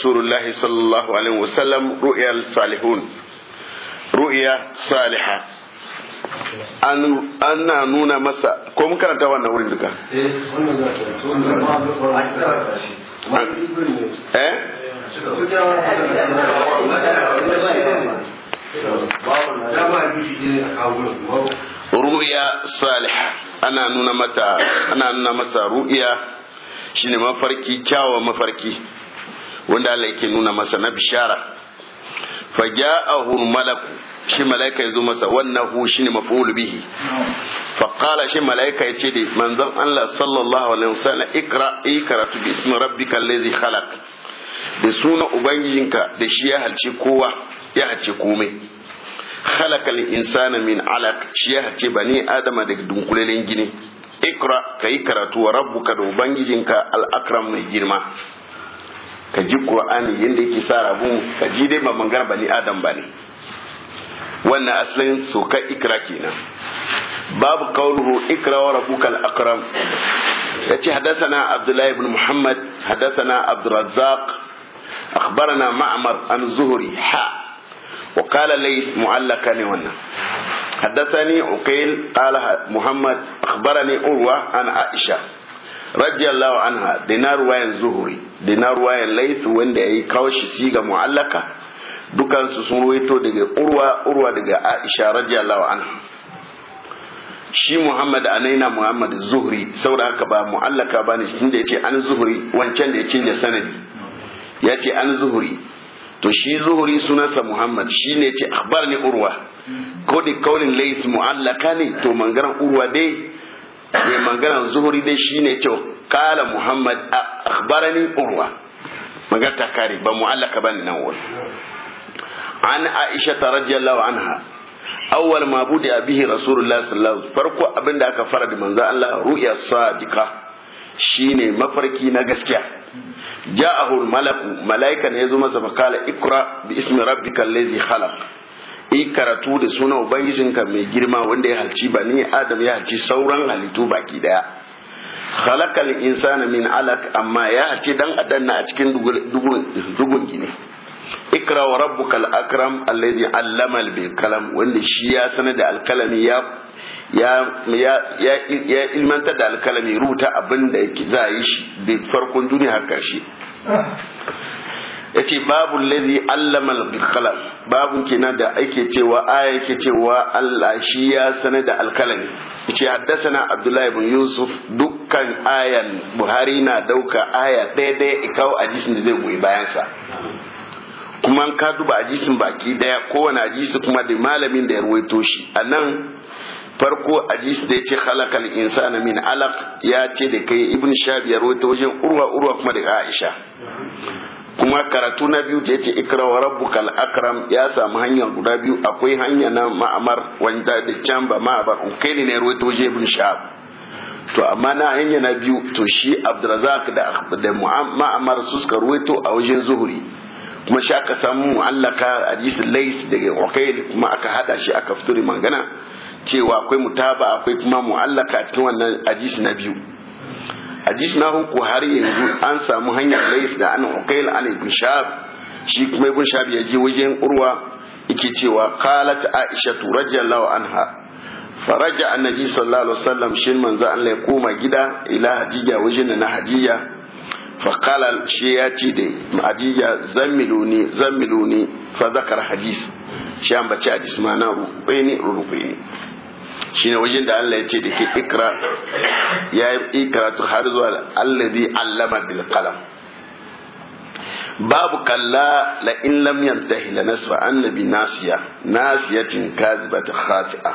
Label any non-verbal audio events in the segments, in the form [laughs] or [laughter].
rasulullahi sallallahu alaihi wasallam ru'yal salihun ru'ya ana nuna masa ko mun karanta wannan wurin duka eh, eh? ana nuna masa shine mafarki kyawawan mafarki wanda Allah yake nuna masa na bishara faja'ahu malaku shi malaika yazo masa wannan hu shine maf'ul bihi fa qala shi malaika yace da manzon Allah sallallahu alaihi wasallam ikra ikra tu bismi rabbika allazi khalaq da suna ubangijinka da shi ya halce kowa ya halce komai khalaqal insana min alaq shi ya halce bani adama daga dunkulelen gini ikra kai karatu wa rabbuka da ubangijinka al akram mai girma ka ji qur'ani yadda yake sa rabu ka ji dai ba mangar bani adam ba ne wannan asalin soka ikra kenan babu kauluhu ikra wa rabbuka al-akram yace hadathana abdullahi ibn muhammad hadathana abdurrazzaq akhbarana ma'mar an zuhri ha وقال ليس معلقا هنا حدثني عقيل قال محمد أخبرني أروى عن عائشة radiyallahu anha dinar wayan zuhuri dinar wayan laifin wanda yayi kawo shi siga mu'allaka dukansu sun ruwaito daga urwa urwa daga aisha radiyallahu anha shi muhammad anaina muhammad zuhri saboda haka ba mu'allaka ba ne inda ya ce an zuhri wancan da ya cinye sanadi ya ce an zuhuri to shi zuhri sunansa muhammad shi ne ce akhbar urwa ko da kaulin lais mu'allaka ne to mangaran urwa dai ya maganar zuhuri dai shine kyau kala muhammad a akhbarani urwa magar ta kare ba mu'allaka bane nan wani an aisha ta radiyallahu anha awwal ma bude bihi rasulullahi sallallahu alaihi farko abinda aka fara da manzo Allah ru'ya sadiqa shine mafarki na gaskiya ja'ahu malaku malaika ne yazo masa fa kala ikra bi ismi rabbikal ladhi khalaq yi karatu da suna ubangijinka mai girma wanda ya halci ba ni adam ya halci sauran halittu baki daya khalaqal insana min alak amma ya halci dan adanna na a cikin dugun gine ikra wa rabbukal akram alladhi allama bil kalam wanda shi ya sanar da alkalami ya ya ya ilmantar da alkalami rubuta abin da za za yi shi da farkon duniya har karshe Ya ce babu alladhi allama al babu kenan da ake cewa aya ke cewa Allah shi ya sanar da alkalami haddasa na Abdullahi bin Yusuf dukkan ayan Buhari na dauka aya daidai ɗaya ikawo hadisin da zai goyi bayansa. kuma ka duba hadisin baki daya kowane hadisi kuma da malamin da ya ruwaito shi nan farko hadisi da yace halakal insana min alaq ya ce da kai ibn Shabi ya ruwaito wajen urwa urwa kuma da Aisha kuma karatu na biyu da yace ikra wa rabbukal akram ya samu hanya guda biyu akwai hanya na ma'amar wanda da can ba ma ba kai ne ruwaito je ibn shahab to amma na hanya na biyu to shi abdurrazak da da ma'amar su suka ruwaito a wajen zuhuri kuma shi aka samu mu'allaka hadisi lais daga ukail kuma aka hada shi aka fituri mangana cewa akwai mutaba akwai kuma mu'allaka cikin wannan hadisi na biyu hadis na uku har yanzu an samu hanyar lais da an ukail ali ibn shab shi kuma ibn shab ya je wajen urwa yake cewa qalat aisha radiyallahu anha faraja annabi sallallahu alaihi wasallam shin manzo Allah ya koma gida ila hadija wajen na Fa shi ya hadiya فقال شياتي zammiluni عديجة زملوني زملوني فذكر حديث شام hadis ma na ربيني ربيني shine wajen da Allah ya ce da ke ikra ya yi ikratu har zuwa allazi allama bil qalam babu kalla la in lam yantahi la nasfa annabi nasiya nasiyatin kadibatu khati'a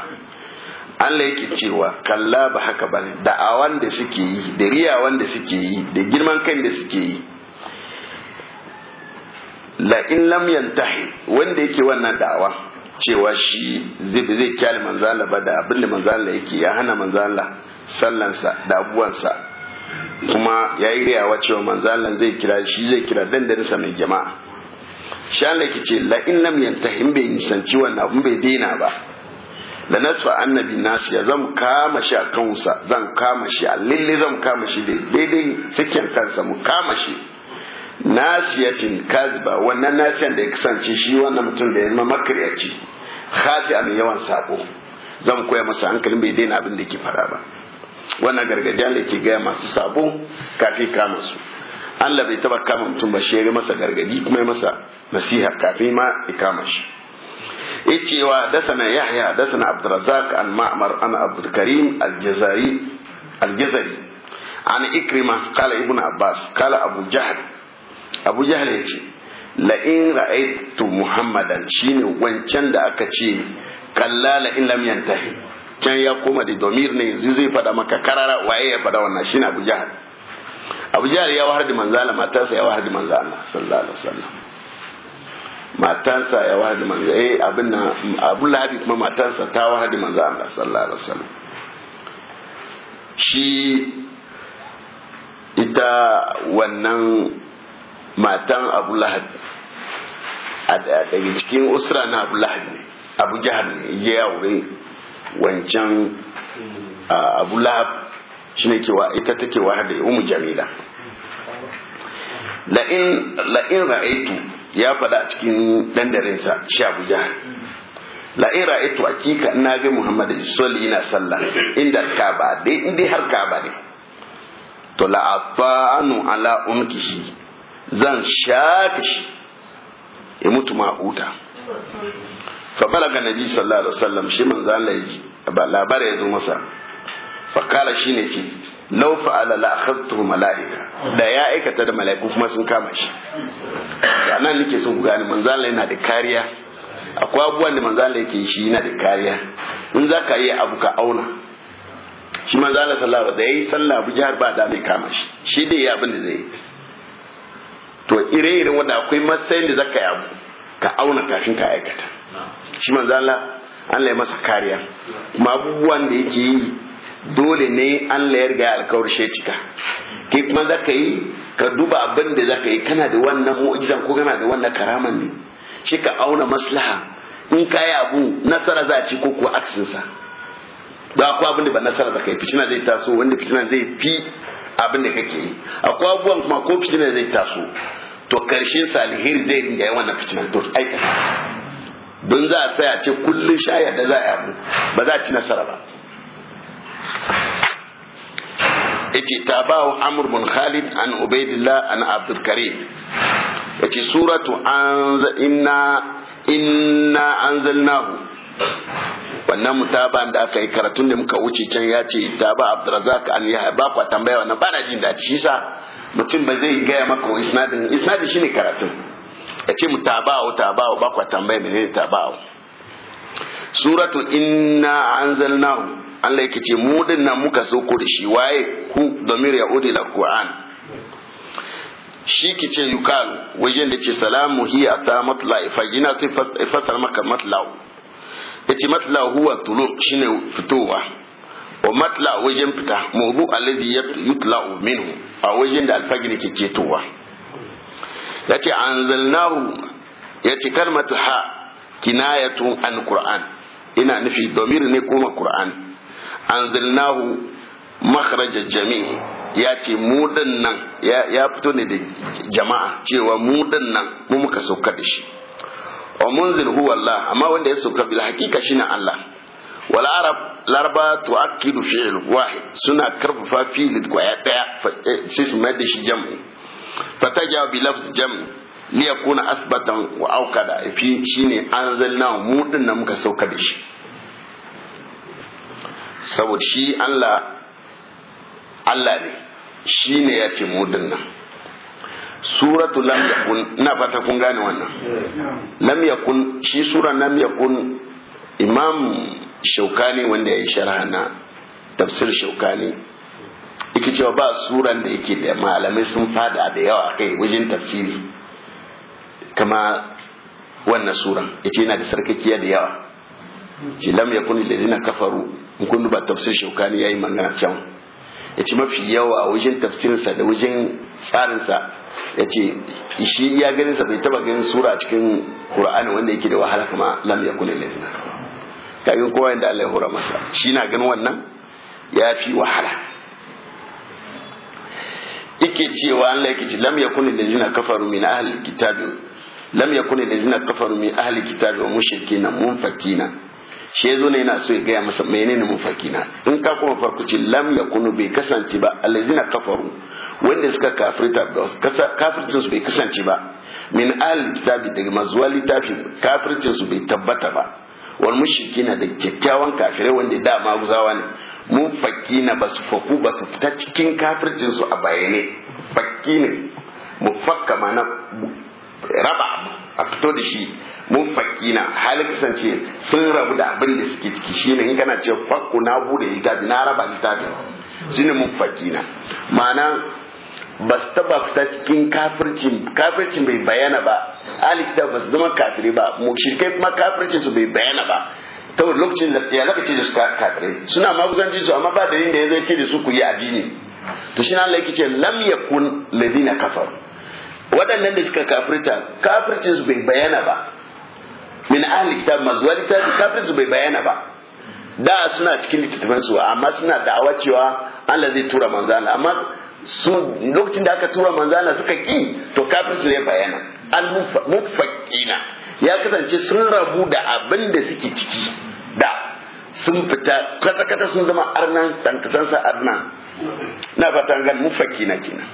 Allah yake cewa kalla ba haka bane a wanda suke yi da riya wanda suke yi da girman kan da suke yi la in lam yantahi wanda yake wannan da'awa cewa shi zai zai kyale manzala ba da abin da manzala yake ya hana manzala sallansa da abuwansa kuma ya yi riyawa cewa Manzala zai kira shi zai kira dandarinsa mai jama'a shi Allah ke ce la in lam bai nisanci wannan abun bai daina ba da nasfa annabi ya zan kama shi a kansa zan kama shi a lalle zan kama shi daidai sakin kansa mu kama shi nasiyatin kaziba wannan nasiyan da ya kasance shi wannan mutum da ya zama makaryaci khafi a yawan sako zan koya masa hankalin bai daina abin da ke fara ba wannan gargadiya da ke gaya masu sabo kafi kama su Allah bai taba kama mutum ba shi ya masa gargadi kuma ya masa nasiha kafin ma ya kama shi yace wa dasana yahya dasana abdurrazzaq an ma'mar an abdulkarim al aljazari an ikrima qala ibnu abbas qala abu jahl abu jahal ya ce la'in ra'aitu muhammadan shine wancan da aka ce kalla la'in lam yantahi can ya koma da domir ne yanzu zai faɗa maka karara waye ya faɗa wannan shine abu jahal abu jahal ya wahar da manzala matarsa ya wahar da manzala sallallahu alaihi wasallam matarsa ya wahar da manzala eh abin nan abu labi kuma matarsa ta wahar da manzala sallallahu alaihi wasallam shi ita wannan matan abu lahab daga cikin usra na abu lahab ne abu jihar ne ya aure wancan abu lahab shi ne ita take wa da umu jamila la'in ra'aitu ya faɗa cikin ɗandarinsa shi abu jihar la'in ra'aitu kika na ga muhammad isoli yana sallah inda ba dai har ba ne to la'afanu ala umkihi zan shafe shi ya mutu ma'uta fa balaga nabi sallallahu alaihi wasallam shi manzo Allah yake ba labarai ya zo masa fa kala shine ce law fa'ala la akhadtu malaika da ya aikata da malaiku kuma sun kama shi anan nake so ku gane manzo Allah yana da kariya akwai abubuwan da manzo Allah yake shi yana da kariya in zaka yi abu ka auna shi manzo Allah sallallahu alaihi wasallam da yayi sallah Abu Jahar ba da mai kama shi shi dai ya abin da zai to ire ire wanda akwai matsayin da zaka yi abu ka auna kafin ka aikata shi manzo Allah Allah ya masa kariya kuma abubuwan da yake yi dole ne Allah ya riga alkawar shi cika ke kuma zaka yi ka duba abin da zaka yi kana da wannan mu'jizan ko kana da wannan karaman ne shi ka auna maslaha in ka yi abu nasara za a ci ko kuwa aksinsa ba ku abin da ba nasara zaka yi fitina zai taso wanda fitina zai fi abin da kake yi akwai abubuwan kuma ko fitina zai taso to karshen sa alheri zai dinga yawan fitina to aika don za a saya ce kullum shayar da za a yi ba za a ci nasara ba ba wa amur bin khalid an ubaidillah an Abdulkarim? yake suratu an inna inna anzalnahu wannan mutaban da aka yi karatun da muka wuce can ya ce ta ba abdurazak an yi ba kwa tambaya wannan ba na jin daɗi shi sa mutum ba zai gaya maka wa isnadin isnadin shine karatun ya ce mu tabawo tabawo ba kwa tambaya menene tabawo suratu inna anzalnahu Allah yake ce mu dinnan muka sauko da shi waye ku domin ya udi alquran shi ki ce yukalu wajen da ce salamu hiya ta matla ifagina sai fasar maka matlau yace matla huwa tulu shine fitowa wa matla wajen fita mawdu alladhi yutla minhu a wajen da alfajir ke ketowa yace anzalnahu yace kalmatu ha kinayatun an qur'an ina nufi domin ne kuma qur'an anzalnahu makharaja jami'i ya ce mu nan ya fito ne da jama'a cewa mu nan mu muka sauka da shi wa munzil huwa Allah amma wanda ya sauka bil hakika shine Allah wal arab larba tu'akkidu fi'l wahid suna karfafa fi'l kwaya daya sai su mai da shi jam'i fataja bi lafz jam'i li yakuna asbatan wa awqada fi shine anzalna mu din nan muka sauka da shi saboda shi Allah Allah ne shine ya ce mu din nan suratu lam yakun na fata kun gane wannan lam yakun shi sura lam yakun imam shaukani wanda ya sharha na tafsir shaukani yake cewa ba suran da yake da malamai sun fada da yawa kai wajen tafsiri kama wannan sura, yace yana da sarkakiya da yawa ce lam yakun lilladina kafaru in kun duba tafsir shaukani yayi magana can ya ce mafi yawa a wajen tafsirinsa da wajen tsarinsa ya ce shi ya ganinsa bai taba ganin sura a cikin ƙura'ani wanda yake da wahala kuma lam ya kula lalina kagin kowa yadda Allah ya hura masa shi na ganin wannan ya fi wahala yake cewa Allah yake ce lam ya kula lalina kafaru min ahli kitabi lam ya kula lalina kafaru min ahli kitabi wa mushrikina munfakina shi yazo ne yana so ya gaya masa menene mufakina na in ka kuma farkuci lam yakunu bai kasance ba allazina kafaru wanda suka kafirta kafircin su bai kasance ba min al kitabi daga mazuwa littafi kafircin su bai tabbata ba wal na da kyakkyawan kafirai wanda da maguzawa ne mu fakina ba su faku ba su fita cikin kafircin su a bayane fakki ne mu fakka mana raba a fito da shi na halin kasance sun rabu da abin da suke ciki shine in kana ce fakku na bude littafi na raba littafi shine na ma'ana ba su taba fita cikin kafircin kafircin bai bayana ba alikta ba su zama kafiri ba mushrikai kuma kafircin su bai bayana ba ta lokacin da ya zaka ce da su kafirai suna maguzanci su amma ba da yin da ya zai ce da su ku yi addini to shi na laiki ce lam kun ladina kafar waɗannan da suka kafirta kafircin su bai bayana ba min ahli kitab masu wani kafin su bai bayana ba da suna cikin littattafan su amma suna da'awa cewa Allah zai tura manzana amma su lokacin da aka tura manzana suka ki to kafin su ne bayana al mufakkina ya kasance sun rabu da abin da suke ciki da sun fita kata-kata sun zama arnan sa arnan na fatan gan mufakkina kenan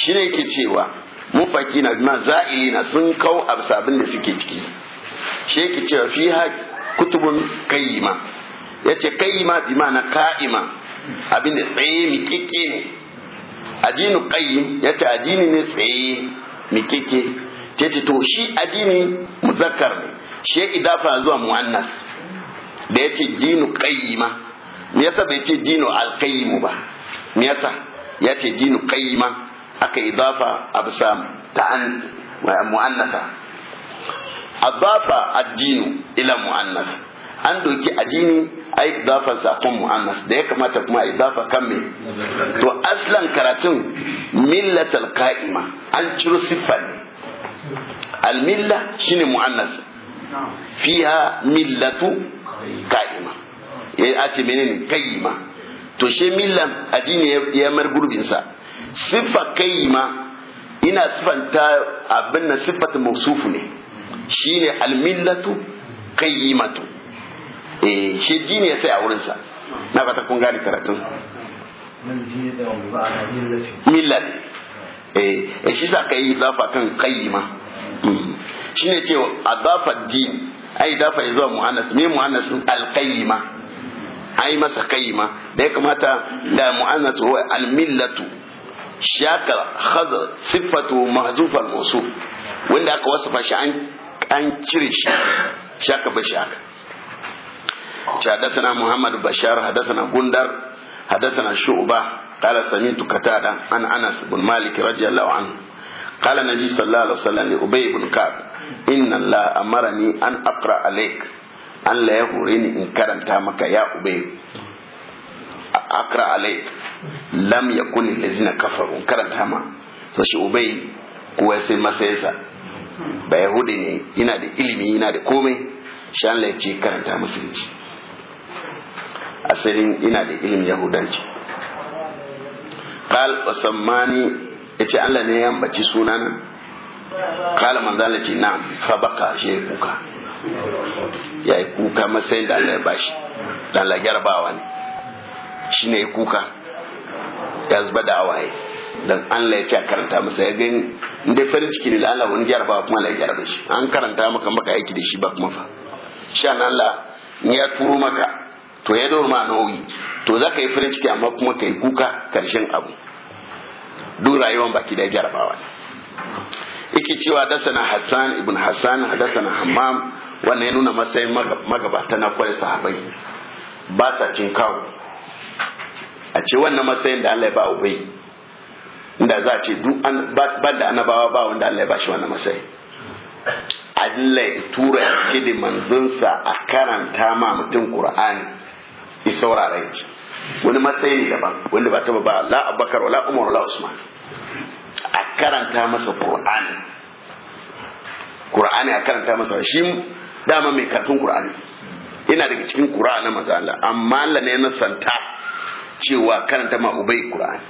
shine yake cewa mufaki na ma za'ili na sun kau abin da suke ciki sheki cewa fi ha kutubun kayyima ya ce kayyima bi ma na ka'ima abin da tsaye kike ne adinu kayyim ya ce adini ne tsaye mikike ce ce to shi adini muzakkar ne shi idafa zuwa muannas da ya ce dinu kayyima me yasa bai ce dinu alkayyimu ba me yasa ya ce dinu kayyima aka idafa a bisa ta'an mu'annasa adafa addinu ila mu'annas an doki addini ai idafan sa kan mu'annas da ya kamata kuma idafa kan me to aslan karatun millatal ka'ima an ciro siffar ne al milla shine mu'annas fiha millatu ka'ima. ya ce menene qayyima to she millan addini ya mar gurbin sa siffa kai ma ina siffanta abin na siffata mausufu ne shine almillatu qayyimatu eh shi jini ya sai a wurinsa na fata kun gani karatun millat eh, eh shi sa kai dafa kan qayyima hmm. shine cewa adafa din ai dafa ya zuwa mu'annas me mu'annas alqayyima ai masa qayyima da ya kamata da mu'annas huwa almillatu shakar haza siffatu mahzufan musuf wanda aka wasa shi an cire shaka ba shaka ci hadasana muhammad bashar hadasana gundar hadasana shu'ba qala samitu katada an anas ibn malik radiyallahu anhu qala nabi sallallahu alaihi amarani an aqra alayk ya la ni in karanta maka ya akra alai lam yakun allazina kafaru karan ma so shi ubay ya sai masayinsa ba yahudi ne yana da ilimi yana da komai shi Allah ya ce karanta musulunci asirin ina da ilimin yahudanci qal usmani yace Allah ne ya ambaci sunan qala manzala ce na'am fa baka shi kuka ya yi kuka masayin da Allah ya bashi da Allah yarbawa ne Shi ne kuka ya zuba da awaye dan Allah ya ce a karanta masa ya gani inda farin ciki ne Allah wani gyara ba kuma Allah ya gyara shi an karanta maka maka aiki da shi ba kuma fa shan Allah ya turo maka to ya dora ma nauyi to za ka yi farin ciki amma kuma ka yi kuka karshen abu duk rayuwar baki da jarabawa ne yake cewa dasana Hassan ibn Hassan hadathana Hammam wannan ya nuna matsayin magabata na kwarai sahabai ba sa cin kawo a ce wannan matsayin da Allah ya ba ubai inda za a ce duk an ba da annabawa ba wanda Allah ya ba shi wannan matsayi Allah ya tura ce da manzonsa a karanta ma mutum Qur'ani ya saurara ya wani matsayi ne daban wanda ba taba ba la Abubakar wala Umar wala Usman a karanta masa Qur'ani Qur'ani a karanta masa shi dama mai karatun Qur'ani yana daga cikin Qur'ani manzo Allah amma Allah ne ya santa cewa karanta ma ubai Qur'an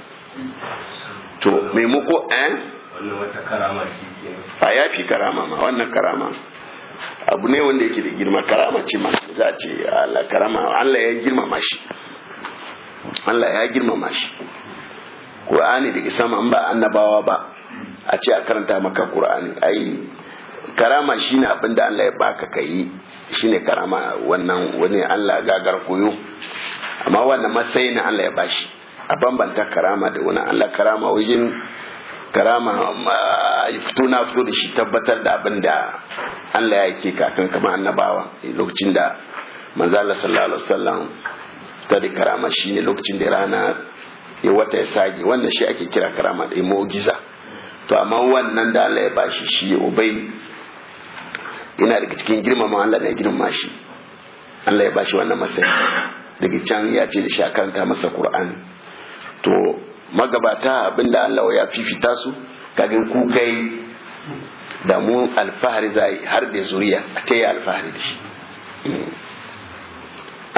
to maimako eh wannan wata karama ce a yafi karama ma wannan karama abu ne wanda yake da girma karama ce ma za ce Allah karama Allah ya girmama shi Allah ya girmama shi Qur'ani da sama an ba annabawa ba a ce a karanta maka Qur'ani ai karama shine abin da Allah ya baka ka yi shine karama wannan wani Allah gagar koyo amma wannan matsayi na Allah ya bashi a bambanta karama da wani Allah karama wajen karama um, ah, fito na fito da shi tabbatar da abin da Allah ya ke kakan kamar annabawa lokacin da manzala Allah sallallahu alaihi wasallam ta da karama ne lokacin da rana ya wata ya sage wannan shi ake kira karama da imogiza to amma wannan da Allah ya bashi shi ya ubai yana daga cikin girmama Allah da ya girmama shi Allah ya bashi wannan matsayi daga can ya ce da shi a karanta masa Qur'ani to magabata abinda Allah ya fifita su kagin ku kai da mu alfahari zai har da zuriya a ta yi alfahari da shi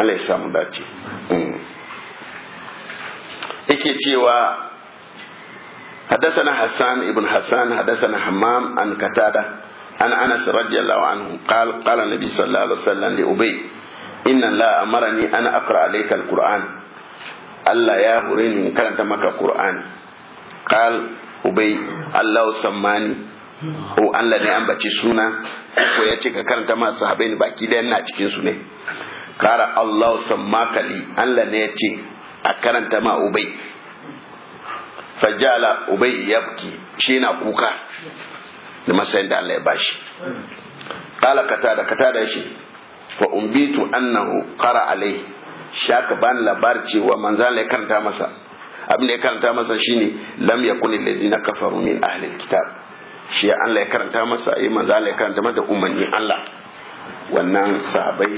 Allah ya samu dace mm. yake cewa حدثنا حسان ابن حسان حدثنا حمام عن قتادة عن أنس رضي الله عنه قال قال النبي صلى الله عليه وسلم لأبي inna la amarani ana akra alayka alquran Allah ya hore ni in karanta maka qur'ani qal ubay Allah sammani O Allah ne ambaci suna ko ya ce ka karanta ma sahabbai baki da na cikin su ne kara Allah sammaka li Allah ne ya ce a karanta ma ubay fajala ubay yabki shi na kuka da masayin da Allah ya bashi qala kata da shi fa umbitu annahu qara alai shaka bani labar cewa manzan ya karanta masa abin da ya karanta masa shine lam yakun allazina kafaru min ahli alkitab shi Allah ya karanta masa yi eh, manzan ya karanta masa ummani Allah wannan sahabai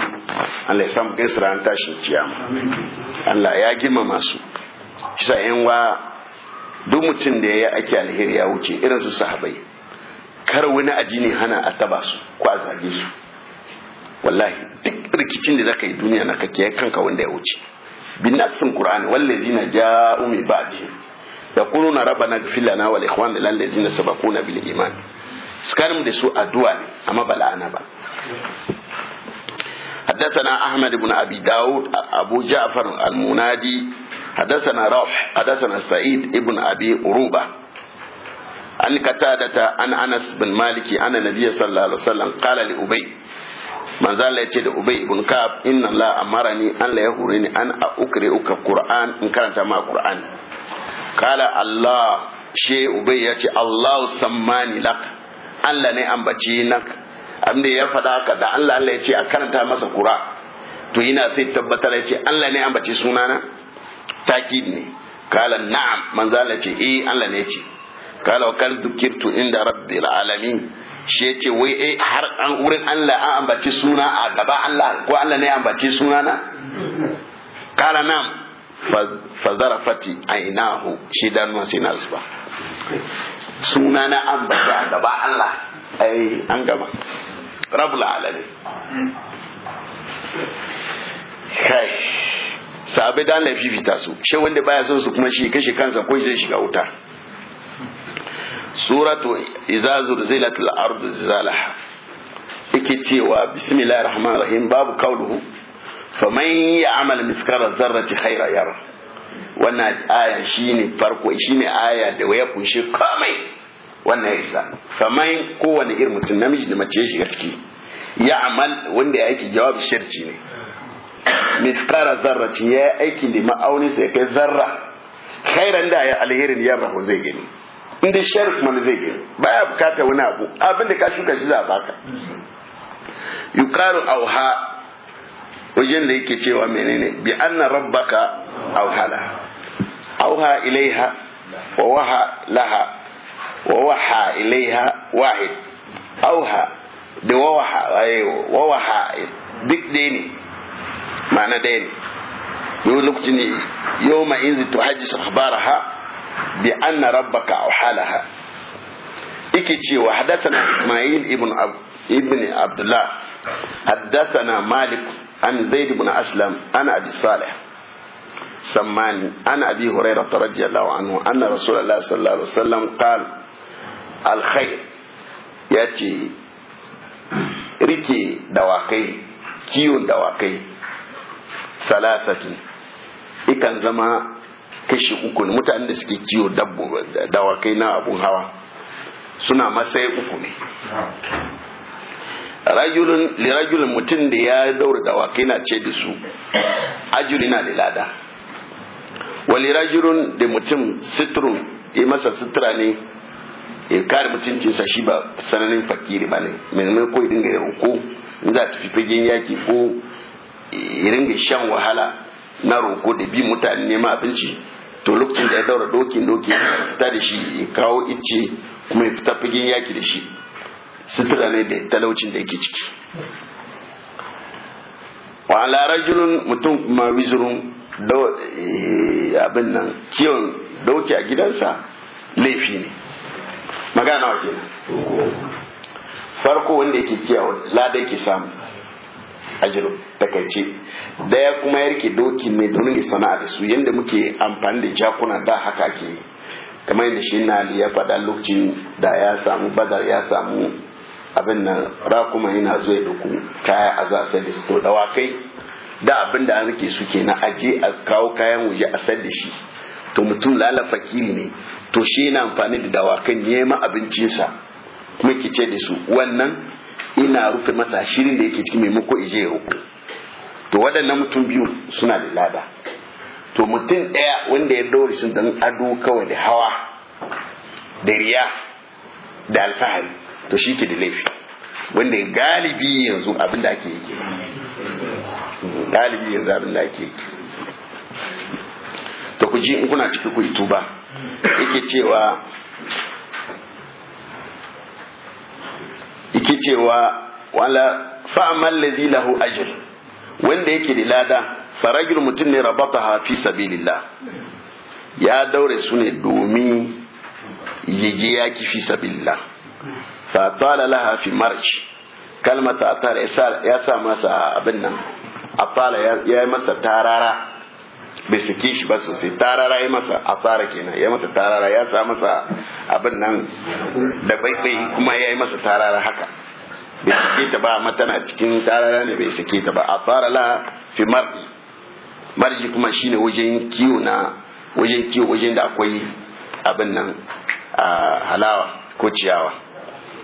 Allah ya samu kai ran tashin kiyama Allah ya girmama su shi sa yan wa duk mutum da ya ake alheri ya wuce irin su sahabai kar wani ajini hana a taba su ko a zage su wallahi duk rikicin da zaka yi duniya na kake kanka wanda ya wuce bin nasin qur'ani na ja'u min ba'dihim yaquluna rabbana ighfir lana wa li ikhwanina allazina sabaquna bil iman sakarin da su addu'a ne amma ba la'ana ba حدثنا أحمد بن أبي داود أبو جعفر المنادي حدثنا روح حدثنا سعيد ابن أبي أروبة عن قتادة عن أنس بن مالك أن النبي صلى الله عليه وسلم قال لأبي manzo Allah ya ce da Ubay ibn Ka'ab inna Allah amarani Allah ya hore ni an a ukre uka Qur'an in karanta ma Qur'an kala Allah she Ubay ya ce Allah sammani lak Allah ne ambaci nak abinda ya faɗa haka da Allah Allah ya ce a karanta masa kura. to ina sai tabbatar ya ce Allah ne ambaci sunana takid ne kala na'am manzo Allah la ce eh Allah ne ya ce kala wa kan dukirtu inda rabbil alamin shi ya ce wai eh har an wurin Allah an ambaci suna a gaba Allah ko Allah ne ambaci suna na kala nam fazarafati ainahu shi dan nan sai na zuba suna na ambaci a gaba Allah ai an gama rabbul alamin kai sabe dan laifi fita su shi wanda baya son su kuma shi kashe kansa ko shi shiga wuta suratu idza zulzilatil ardu zilzalaha yake cewa bismillahir rahmanir rahim babu kauluhu faman ya'mal miskara zarrati khayra yara wannan aya shine farko shine aya da waya kunshi komai wannan isa faman kowane irin mutum namiji da mace shi gaske ya'mal wanda yake aiki jawabi sharci ne miskara zarrati ya aiki da ma'auni sai kai zarra khairan da ya alherin ya zai gani inda sharif mana zai gani ya bukata wani abu abin da ka shuka shi za a baka yukaru auha wajen da yake cewa menene bi anna rabbaka auhala auha ilaiha wa waha laha wa waha ilaiha wahid auha da wawaha wawaha duk ɗaya ne ma'ana ɗaya ne yau lokacin yau ma'in zai tuhajji su ha bi anna rabbaka Iki ce cewa hadathana Ismail ibn ibn Abdullah hadathana Malik an Zaid ibn Aslam an Abi Salih سماني عن أبي هريرة رضي الله عنه أن رسول الله صلى الله عليه وسلم قال alkhair ya ce rike dawakai kiwon dawakai salasatin ikan zama kashi uku ne mutanen da suke kiwo dawakai na abun hawa suna masai uku ne rajulun lirajulun mutum da ya daura dawakai na ce da su ajuri na da lada wali rajulun da mutum sitrun ya masa sitra ne ya kare mutuncinsa shi ba sananin fakiri ba ne mai ko dinga ya roko in za ta fi fagen yaki ko ya ga shan wahala na roko da bi mutane neman abinci to lokacin da ya daura dokin doki ta da shi ya kawo ice kuma ya fita fagen yaki da shi sutura ne da talaucin da yake ciki wa ala jirin mutum kuma wizirun eh, abin nan kiyon doki a gidansa laifi ne magana wa kenan farko wanda yake kiyawa lada yake samu ajiru takaice daya kuma ya rike doki ne domin ya sana'a da su yadda muke amfani da jakuna da haka ake yi kamar yadda shi na ya faɗa lokacin da ya samu badar ya samu abin nan rakuma yana zuwa ya doku kaya a za a da su to dawakai da abin da an rike su na aje a kawo kayan waje a sayar da shi to mutum lala fakiri ne to shi yana amfani da dawakan neman abincinsa kuma ke ce da su wannan ina rufe masa shirin da yake cikin maimako ije ya hukun to waɗannan mutum biyu suna da lada to mutum ɗaya wanda ya dore shi don ado kawai da hawa da riya da alfahari to shi ke da laifi wanda galibi yanzu abin da ake yake galibi yanzu abin da ake yake to ku ji in kuna ciki ku yi tuba yake cewa yake cewa wala fa'amal ladhi lahu ajr wanda yake da lada farajul mutum ne rabataha fi sabilillah ya daure su ne domin yaje yaki fi sabilillah fa tala laha fi marji kalmata atar ya sa masa abin nan a tala ya yi masa tarara bai sake shi ba sosai tarara ya masa a asara kenan ya masa tarara ya sa masa abin nan da baibai kuma ya yi masa tarara haka bai sake ta ba matana cikin tarara ne bai sake ta ba a fara la fi marji marji kuma shine wajen kiwo na wajen kiwo wajen da akwai abin nan halawa ko ciyawa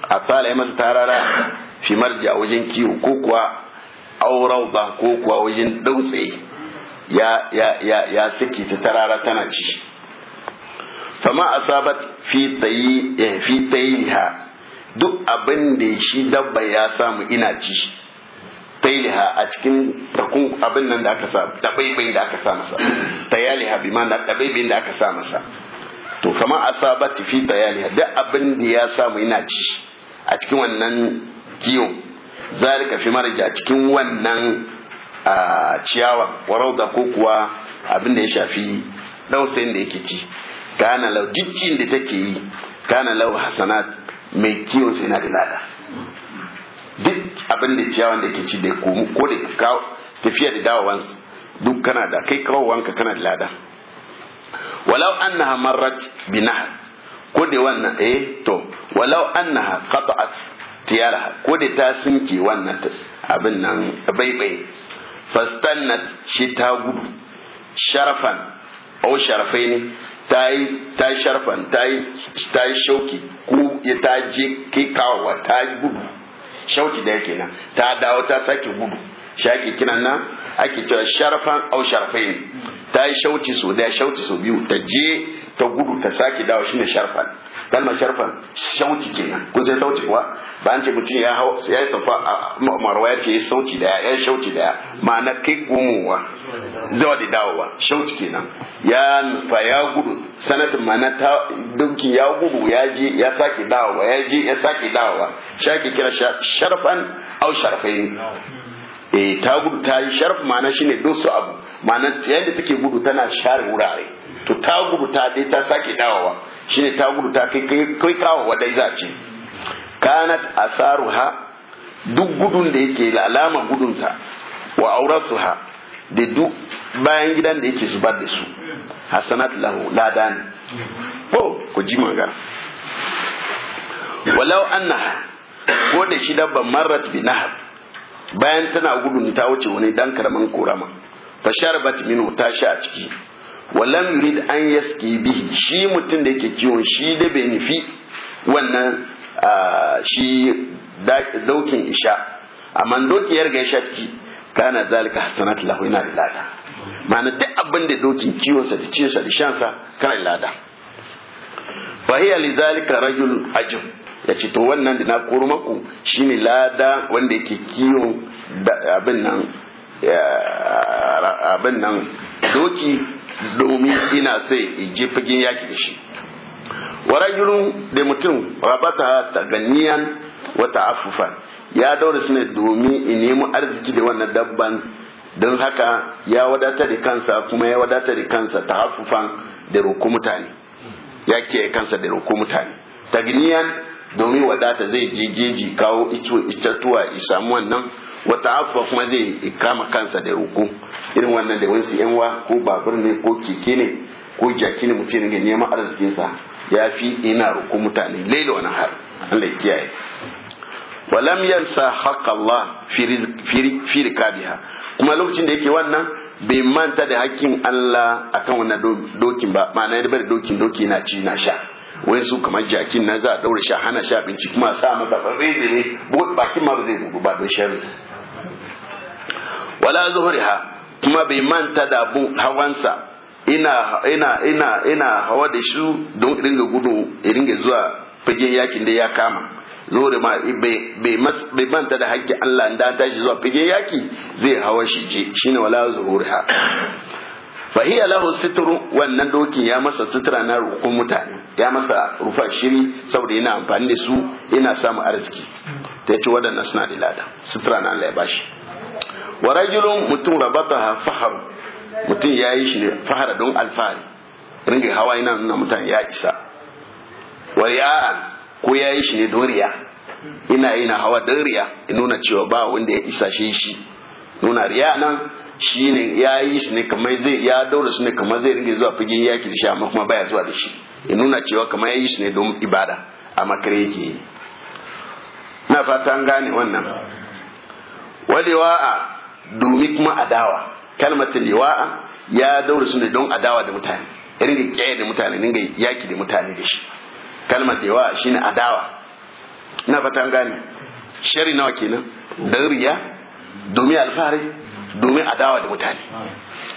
A fara ya masa tarara fi marji a wajen kiwo ko kuwa aurauba ko kuwa wajen dautse ya ya ya ya saki ta tarara tana ci fama asabat fi tayi eh, fi tayliha duk abin da shi dabba ya samu ina ci tayliha a cikin takun abin nan da aka sa dabaibain da aka sa masa tayaliha bi ma da da aka sa masa to kama asabat fi tayaliha duk abin da ya samu ina ci a cikin wannan kiyon zalika fi marja a cikin wannan a ciyawan warauda ko kuwa abin da ya shafi dausayin da yake ci kana lau jicin da take yi kana lau hasanat mai kiwon sai na da lada duk abin da ciyawan da ke ci da komu ko da tafiya da dawowan duk kana da kai kawowanka kana da lada walau annaha marrat bi nahar ko da wannan eh to walau annaha qata'at tiyara ko da ta sinke wannan abin nan baibai fastannat shi ta gudu sharafan au sharafai ne ta yi ta sharfan ta yi ta yi shauki ko ta je kai kawowa? ta gudu shauki da yake nan ta dawo ta sake gudu shi ake nan ake cewa sharafan au sharafain ta yi shauci so daya shauci so biyu ta je ta gudu ta sake dawo shi ne sharfan kalma sharfan shauci kenan kun sai sauci kuwa ba an ce mutum ya hau ya yi safa marwa ya ce ya sauci daya ya shauci daya ma'ana kai gumowa Zawa da dawowa shauci kenan ya nufa ya gudu sanatin ma'ana ta dunki ya gudu ya je ya sake dawowa ya je ya sake dawowa shi kira sharfan au sharafain eh ta gudu ta yi sharf ma'ana shine su abu ma'ana yadda take gudu tana share wurare to ta gudu ta dai ta sake dawowa shine ta gudu ta kai kai kawo wadai za ce kanat asaruha duk gudun da yake da alama gudunta wa aurasuha da duk bayan gidan da yake zubar da su hasanat lahu ko ku ji magana walau annaha ko da shi dabban marrat bi nahar bayan tana gudun ta wuce wani dan karamin korama fa sharbat minhu ta sha a ciki walam yurid an yaski bihi shi mutum da yake kiwon shi da bai nufi wannan shi daukin isha amma doki ya riga sha ciki kana zalika hasanat lahu ina da lada ma'ana duk abin da dokin sa da cinsa da sa kana lada fa hiya lidhalika rajul ajib ya ce to wannan da na koro maku shine lada wanda yake kiyo abin nan doki domin ina sai ije fagen yaki da shi wa da mutum rabata ta ganiyan wata afufa ya daura su ne domin in nemi arziki da wannan dabban don haka ya wadatar da kansa kuma ya wadatar da kansa ta hafufan da roko mutane ya kiyaye kansa da roko mutane tagniyan domin wadata zai je geji kawo itatuwa ya samu wannan wata afuwa kuma zai kama kansa da uku irin wannan da wansu yanwa ko babur ne ko keke ne ko jaki ne mutum ne neman arzikinsa ya fi ina rukun mutane laila wani har Allah ya kiyaye walam yansa Allah fi rikabiha kuma lokacin da yake wannan bai manta da hakkin Allah akan wannan dokin ba ma'ana ya bari dokin doki na ci na sha wai su kamar jakin na za a daure shi hana shi abinci kuma sa da babbe ne bakin ma ba zai gudu ba don shari'a. wala zuhriha kuma bai manta da bu hawansa ina ina ina ina hawa da shi don ringa gudu ringa zuwa fage yakin da ya kama zuwa ma bai manta da hakki Allah da tashi zuwa fage yaki zai hawa shi je shine wala zuhriha fa hiya lahu sitru wannan dokin ya masa sutura na rukun mutane ya masa rufa shiri saboda yana amfani da su yana samun arziki ta ce waɗannan suna da lada sutura na Allah ya bashi wa rajulun mutum rabata faharu mutum ya yi shi ne fahara don alfahari ringa hawa yana nuna mutum ya isa wa riya'an ko ya yi shi ne don riya ina yi na hawa don riya in nuna cewa ba wanda ya isa shi shi nuna riya nan shi ne ya yi shi ne kamar zai ya daura su ne kamar zai ringa zuwa fagen yaki da shi amma kuma baya zuwa da shi ya nuna cewa kamar ya yi shi ne don ibada a makare yake yi na fata an gane wannan walewa'a domin kuma adawa kalmatin liwa'a ya daura su ne don adawa da mutane Irin da kyaye da mutane ninga yaki da mutane da shi kalmar shi shine adawa na fata an gane shari nawa kenan don riya domin alfahari domin adawa da mutane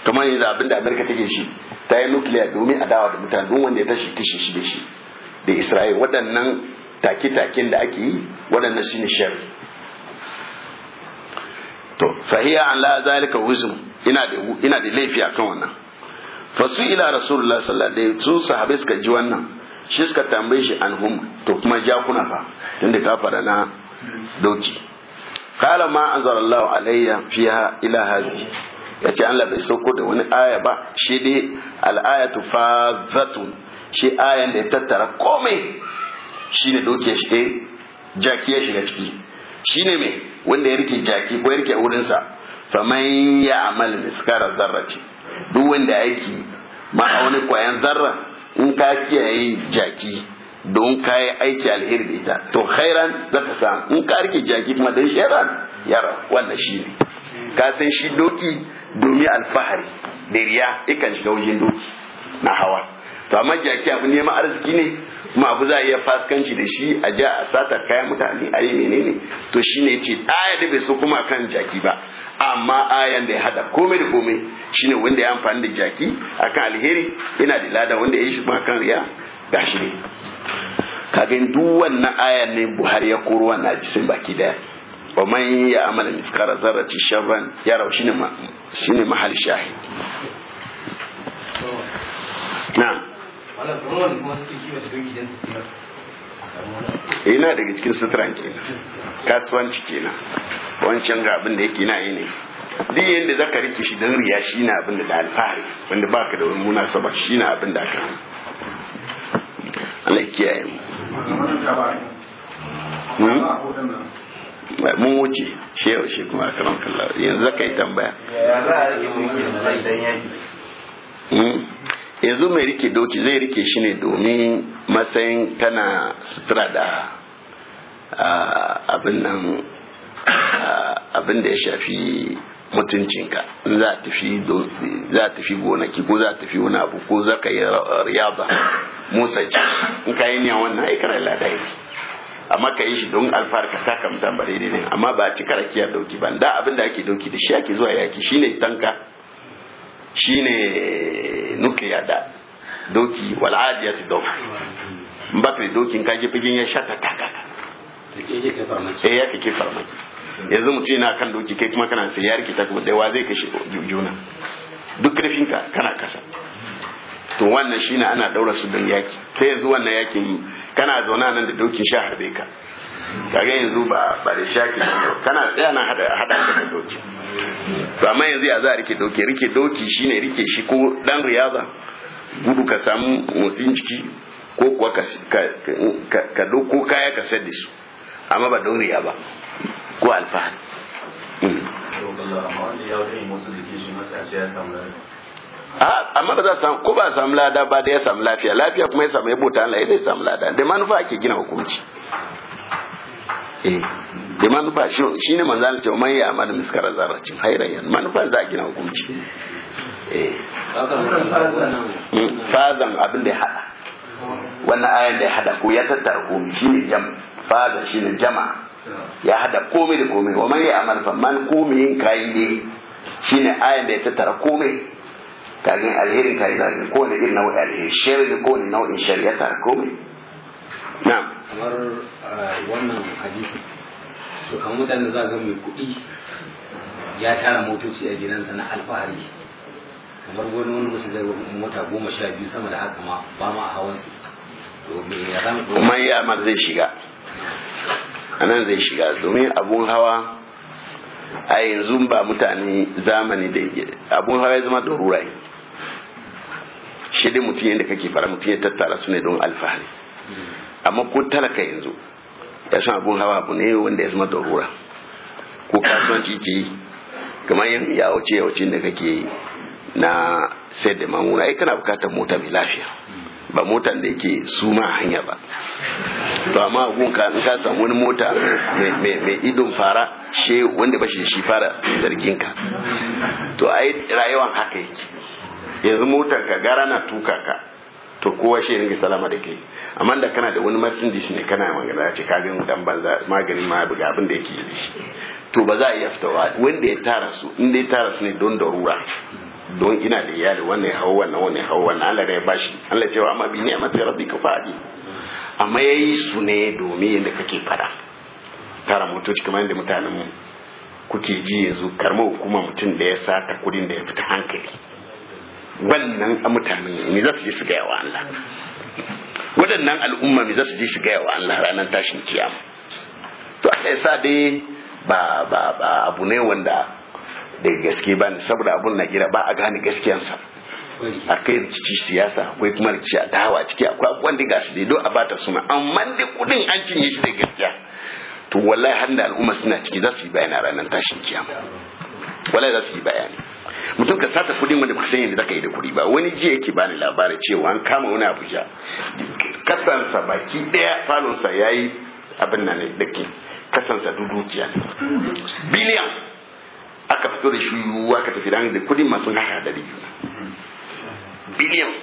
kamar yanzu abinda amerika take shi ta yi nukiliya domin a dawa da mutane don wanda ya tashi kishi shi da shi da isra'il waɗannan take-taken da ake yi waɗannan ne shari to fahiya an la zalika huzm ina da ina da laifi wannan fasu ila rasulullah sallallahu alaihi wasallam sahabbai suka ji wannan shi suka tambaye shi hum to kuma jakuna fa tunda ka fara na doki qala ma anzalallahu alayya fiha ila hazi ya ce Allah bai sauko da wani aya ba shi dai al'ayatu fazatun shi ayan da ya tattara komai shi ne eh, doke shi jaki ya shiga ciki shi ne mai wanda ya rike jaki ko ya rike wurinsa famai ya amal miskara zarra ce duk wanda ya aiki wani kwayan zarra in ka kiyaye jaki don ka yi aiki alheri da ita to khairan za ka samu in ka rike jaki kuma don shairan yara wannan shi ne ka san shi doki domin alfahari da riya ikan shiga wajen doki na hawa to amma jaki abu ne ma arziki ne kuma abu za a iya faskanci da shi a ja a sata kayan mutane a yi menene to shine ce aya da bai so kuma kan jaki ba amma ayan da ya hada komai da komai shine wanda ya amfani da jaki akan alheri yana da lada wanda ya yi shi kuma kan riya shi ne kagin duk wannan ayan ne buhari ya koro wannan hadisin baki daya wa man ya amala miskara zarrati sharran ya rawu shine ma shine mahal shahid na yana daga cikin suturan ke kasuwanci kenan wancan ga abin da yake na yi ne duk yadda za ka rike shi don riya shi na abin da alfahari wanda ba ka da wani munasaba shi na abin da aka Allah kiyaye mu. mun wuce shi yau shi kuma karan yanzu zaka yi tambaya hmm? yanzu mai rike doki zai rike shi ne domin matsayin kana sutura da abin da ya shafi mutuncinka za a tafi gonaki ko za a tafi wani abu ko za ka yi riyaba musa ci in ka yi niyan wannan aikar ladai amma ka yi shi don alfarka ka taka mutan ne ne amma ba a ci karakiya dauki ba da abin da ake dauki da shi ake zuwa yaki shine tanka shine nuclear da doki wal adiyatu dawk ba baka da dokin ka fagen ya shata ka eh ya kike farmaki yanzu ce na kan doki kai kuma kana sayar ki ta kuma dai wa zai kashe juna duk karfin ka kana kasa to wannan shine ana daura su don yaki ta yanzu wannan yake yi kana zauna nan da dokin sha harbe ka kaga yanzu ba ba da shaki kana tsaya na hada hada da doki to amma yanzu ya za a rike doki rike doki shine rike shi ko dan riyaza gudu ka samu musin ciki ko kuwa ka doko kaya ka sayar da su amma ba dauriya ba ko alfahari hmm. Ah, amma ba za su ko ba samu lada ba da ya samu lafiya lafiya kuma ya samu ya bota Allah zai samu lada da manufa ake gina hukunci eh da manufa shi ne manzan ce man ya amana miskara zarracin hairan manufa za a gina hukunci eh hmm, fazan abin da ya hada wannan ayan da ya hada ko ya tattara komai shine jam fazan shine jama'a ya hada komai da komai wa man ya amana man komai yin kayan shine ayan da ya tattara komai kafin alherin ka yi zafi kowane irin nau'in alheri shirin kowane nau'in shari'a ta komai na'am kamar eh, wannan hadisi to kamar mutane za ga mai kuɗi ya tara motoci a gidansa na alfahari kamar gwani wani wasu zai mota goma sha biyu sama da haka ma ba ma a hawansu kuma ya mar zai shiga anan zai shiga domin abun hawa a yanzu ba mutane zamani da abun hawa ya zama da rurai shi dai mutum yadda kake fara mutum ya tattara su ne don alfahari amma ko talaka yanzu ya san abun hawa abu ne wanda ya zama darura ko kasuwanci ke yi kamar yin yawace yawace da kake yi na sai da mamuna ai kana bukatar mota mai lafiya ba mota da yake suma a hanya ba to amma abun ka ka samu wani mota mai idon fara she wanda ba shi shi fara zargin ka to ai rayuwar haka yake yanzu motar ka gara na tuka ka to kowa shi ringa salama da ke amma da kana da wani masindis ne kana magana ce ka ga dan banza magani ma buga abin da yake yi to ba za a iya aftawa wanda ya tara su in dai tara su ne don rura don ina da iyali wannan hawa wannan wannan hawa wannan Allah ne ya bashi Allah cewa amma bi ne amma sai rabbi ka fadi amma yayi su ne domin yadda kake fada tara motoci kamar yadda mutanen mu kuke ji yanzu karma hukuma mutum da ya sata kudin da ya fita hankali wannan a mutanen me za su ji su gaya wa Allah waɗannan al'umma me za su ji su gaya wa Allah ranar tashin kiyama to Allah yasa dai ba ba ba abu ne wanda da gaske ba ne saboda abun na kira ba a gane gaskiyansa kai rikici siyasa akwai kuma rikici a dawa ciki akwai abubuwan da gasu dai don a bata suna amma da kudin an cinye shi da gaskiya to wallahi har da al'umma suna ciki za su yi bayani ranar tashin kiyama wallahi za su yi bayani mutum ka sata kudin wanda ku san da zaka yi da kudi ba wani ji yake bani labarin cewa an kama wani abuja kasansa baki daya falonsa yayi abin nan da ke kasansa dudukiya ne biliyan aka fito da shi ka tafi da kudin masu haka da biyu biliyan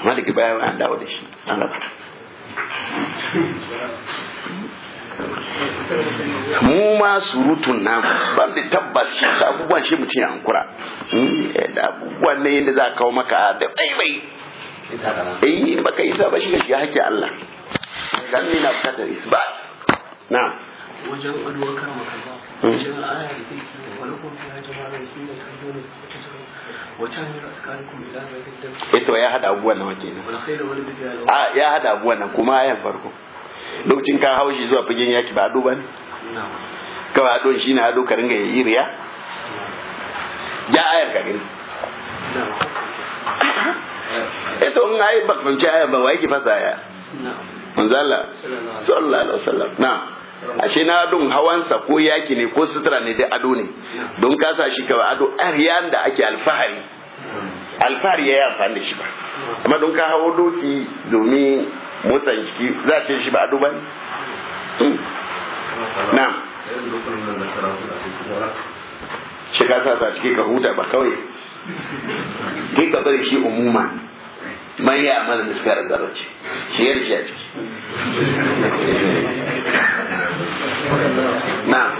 amma daga baya an dawo da shi mu ma surutun na ban da tabbas shi sa abubuwan shi mutum ya hankura hmm, eh, da abubuwan ne yadda za a kawo maka da baibai eh baka yi ba shi ga shiga hakki Allah dan ne na bukatar isbat na wajen aduwa kan kaza hmm. wajen aya da take wani kuma ya jama'a da shi da kallo ne eh, ito ya hada abubuwan nan kenan a ah, ya hada abubuwan na kuma ayan farko lokacin ka hau shi zuwa fagen yaki ba ado ba ne kawai ado shi na ado ka ringa yi riya ja ayar ka gani eh to in ayi ba fahimci ayar ba wai ki fasa aya manzala sallallahu alaihi wasallam na ashe na adon hawansa ko yaki ne ko sutura ne dai ado ne don ka sa shi kawai ado ariyan da ake alfahari alfahari ya yi amfani da shi ba amma don ka hawo doki domin motsa jiki za a ce shi ba a ba ne hmm. na shi ka sa cike ka huta ba kawai kai ka bari shi umuma man ya amala miskar zarace shi ya shi a ciki na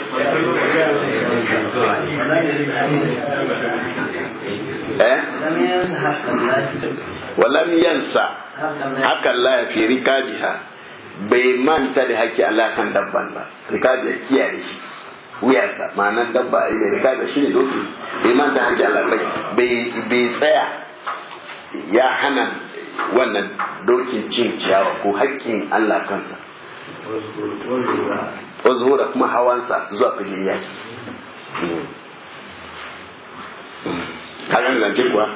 eh walam yansa haka Allah ya fi rikabiha bai manta da haƙƙi Allah kan dabban ba rikabi ya kiyaye shi wuyarsa ma'anar dabba eh, mai rikabi shi ne doki bai manta haƙƙi Allah bai tsaya ya hana wannan dokin cin ciyawa ko haƙƙin Allah kansa uzura kuma hawansa zuwa fili yaki hmm. hmm. kagan zance kuwa